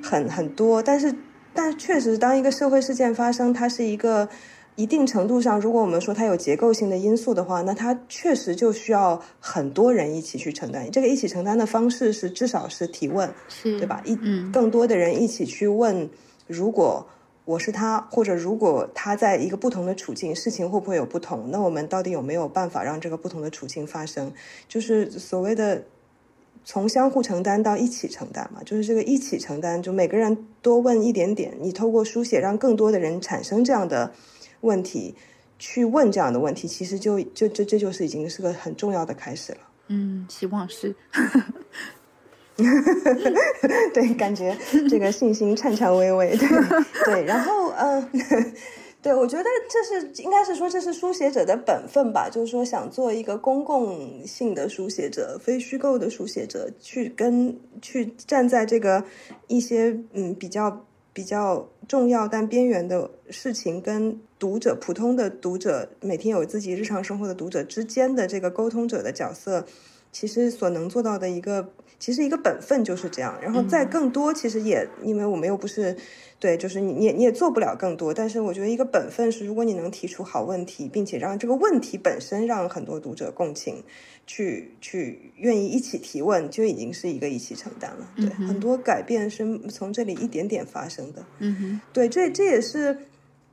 很很多，但是。但確實，當一個社會事件發生，它是一個一定程度上，如果我們說它有結構性的因素的話，那它確實就需要很多人一起去承擔。這個一起承擔的方式是，至少是提問，是對吧？一，嗯、更多的人一起去問：如果我是他，或者如果他在一個不同的處境，事情會不會有不同？那我們到底有沒有辦法讓這個不同的處境發生？就是所謂的。從相互承擔到一起承擔嘛，就是這個一起承擔，就每個人多問一點點。你透過書寫，讓更多的人產生這樣的問題，去問這樣的問題，其實就就這這就是已經是個很重要的開始了。嗯，希望是。 對，感覺這個信心顫顫巍巍。對， 對，然後嗯。呃 對，我覺得這是應該是說，這是書寫者的本分吧。就是說，想做一個公共性的書寫者，非虛構的書寫者，去跟去站在這個一些嗯比較比較重要但邊緣的事情，跟讀者普通的讀者，每天有自己日常生活的讀者之間的這個溝通者的角色。其實所能做到的一個，其實一個本分就是這樣。然後在更多，其實也因為我們又不是，對，就是你你也你也做不了更多。但是我覺得一個本分是，如果你能提出好問題，並且讓這個問題本身讓很多讀者共情去，去去願意一起提問，就已經是一個一起承擔了。對，嗯、哼很多改變是從這裡一點點發生的。嗯哼對，這這也是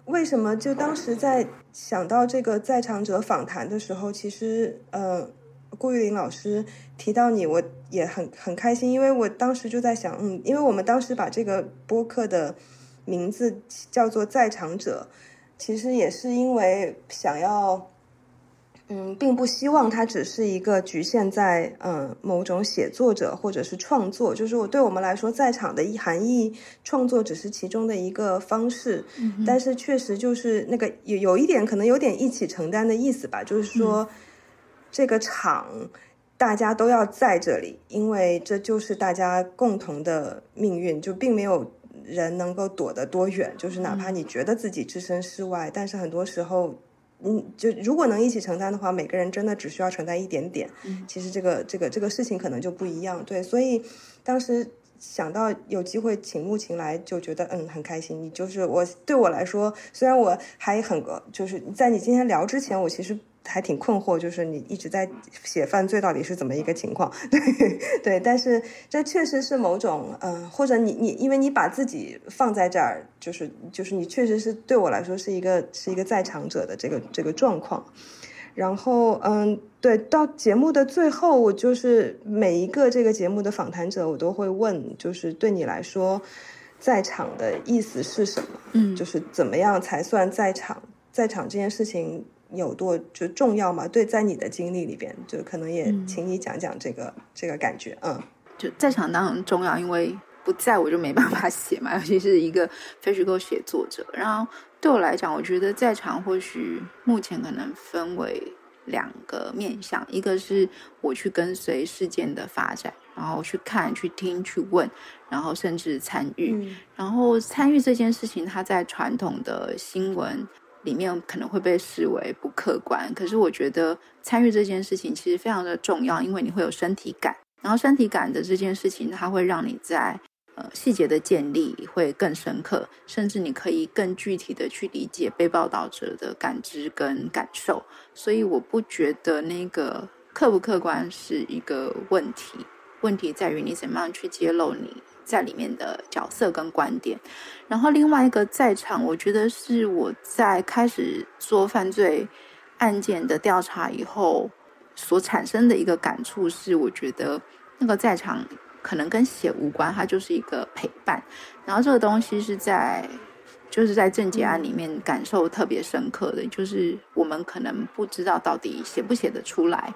為什麼就當時在想到這個在場者訪談的時候，其實呃。顧玉玲老師提到你，我也很很開心，因為我當時就在想，嗯，因為我們當時把這個播客的名字叫做《在場者》，其實也是因為想要，嗯，並不希望它只是一個侷限在，嗯，某種寫作者或者是創作，就是我對我們來說，在場的含義創作只是其中的一個方式，嗯、哼但是確實就是那個有有一點可能有點一起承擔的意思吧，就是說。嗯這個場，大家都要在這裡，因為這就是大家共同的命運，就並沒有人能夠躲得多遠。就是哪怕你覺得自己置身事外，嗯、但是很多時候，嗯，就如果能一起承擔的話，每個人真的只需要承擔一點點。嗯、其實這個這個這個事情可能就不一樣。對，所以當時想到有機會請慕情來，就覺得嗯很開心。你就是我對我來說，雖然我還很就是在你今天聊之前，我其實。還挺困惑，就是你一直在寫犯罪到底是怎麼一個情況？對對，但是這確實是某種嗯、呃，或者你你，因為你把自己放在這兒，就是就是你確實是對我來說是一個是一個在場者的這個這個狀況。然後嗯，對，到節目的最後，我就是每一個這個節目的訪談者，我都會問，就是對你來說，在場的意思是什麼？嗯，就是怎麼樣才算在場？在場這件事情，有多就重要嗎？對，在你的經歷裡邊，就可能也請你講講這個、嗯、這個感覺，嗯,就在場當然重要，因為不在我就沒辦法寫嘛，尤其是一個非虛構寫作者。然後對我來講，我覺得在場或許目前可能分為兩個面向，一個是我去跟隨事件的發展，然後去看、去聽、去問，然後甚至參與。嗯、然後參與這件事情，它在傳統的新聞。裡面可能會被視為不客觀，可是我覺得參與這件事情其實非常的重要，因為你會有身體感，然後身體感的這件事情它會讓你在呃細節的建立會更深刻，甚至你可以更具體的去理解被報道者的感知跟感受，所以我不覺得那個客不客觀是一個問題，問題在於你怎麼樣去揭露你。在裡面的角色跟觀點，然後另外一個在場，我覺得是我在開始做犯罪案件的調查以後所產生的一個感觸是，我覺得那個在場可能跟寫無關，它就是一個陪伴。然後這個東西是在就是在鄭捷案裡面感受特別深刻的，就是我們可能不知道到底寫不寫得出來，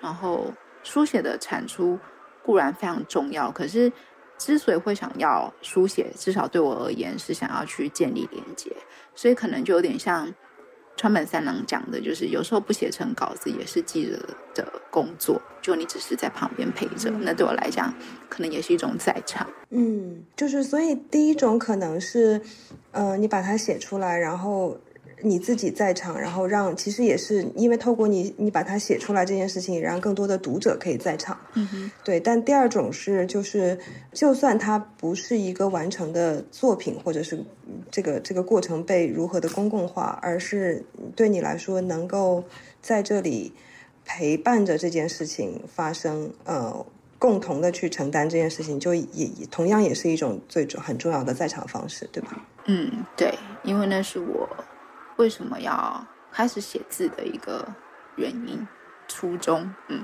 然後書寫的產出固然非常重要，可是之所以會想要書寫，至少對我而言是想要去建立連接，所以可能就有點像川本三郎講的，就是有時候不寫成稿子也是記者的工作，就你只是在旁邊陪着，那對我來講可能也是一種在場。嗯，就是所以第一種可能是，嗯、呃，你把它寫出來，然後你自己在場，然後讓其實也是因為透過你，你把它寫出來這件事情，讓更多的讀者可以在場。嗯哼，對。但第二種是，就是就算它不是一個完成的作品，或者是這個這個過程被如何的公共化，而是對你來說能夠在這裡陪伴着這件事情發生，呃，共同的去承擔這件事情，就也同樣也是一種最重很重要的在場方式，對吧？嗯，對，因為那是我。為什麼要開始寫字的一個原因、初衷，嗯。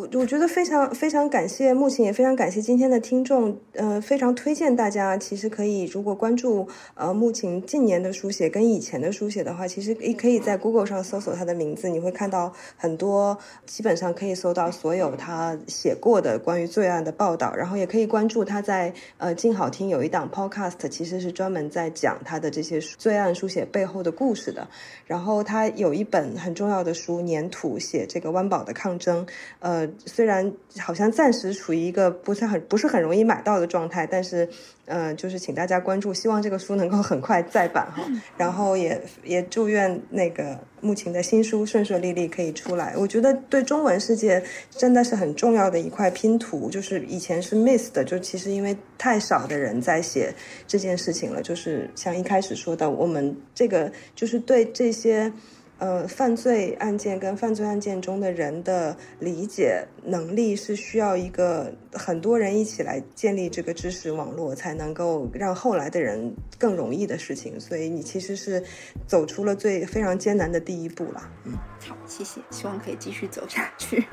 我我覺得非常非常感謝慕情也非常感謝今天的聽眾。呃，非常推薦大家，其實可以如果關注呃慕情近年的書寫跟以前的書寫的話，其實也可以在 Google 上搜索他的名字，你會看到很多，基本上可以搜到所有他寫過的關於罪案的報道。然後也可以關注他在呃鏡好聽有一檔 Podcast，其實是專門在講他的這些書罪案書寫背後的故事的。然後他有一本很重要的書《黏土寫這個灣寶的抗爭》，呃。雖然好像暫時處於一個不是很不是很容易買到的狀態，但是，呃，就是請大家關注，希望這個書能夠很快再版哈。然後也也祝願那個慕情的新書順順利利可以出來。我覺得對中文世界真的是很重要的一塊拼圖，就是以前是 miss 的，就其實因為太少的人在寫這件事情了。就是像一開始說的，我們這個就是對這些。呃，犯罪案件跟犯罪案件中的人的理解能力是需要一個很多人一起來建立這個知識網絡，才能夠讓後來的人更容易的事情。所以你其實是走出了最非常艱難的第一步了。嗯，好，謝謝，希望可以繼續走下去。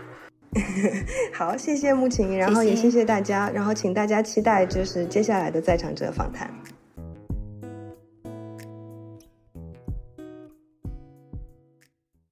好，謝謝慕情，然後也謝謝大家，謝謝，然後請大家期待就是接下來的在場者訪談。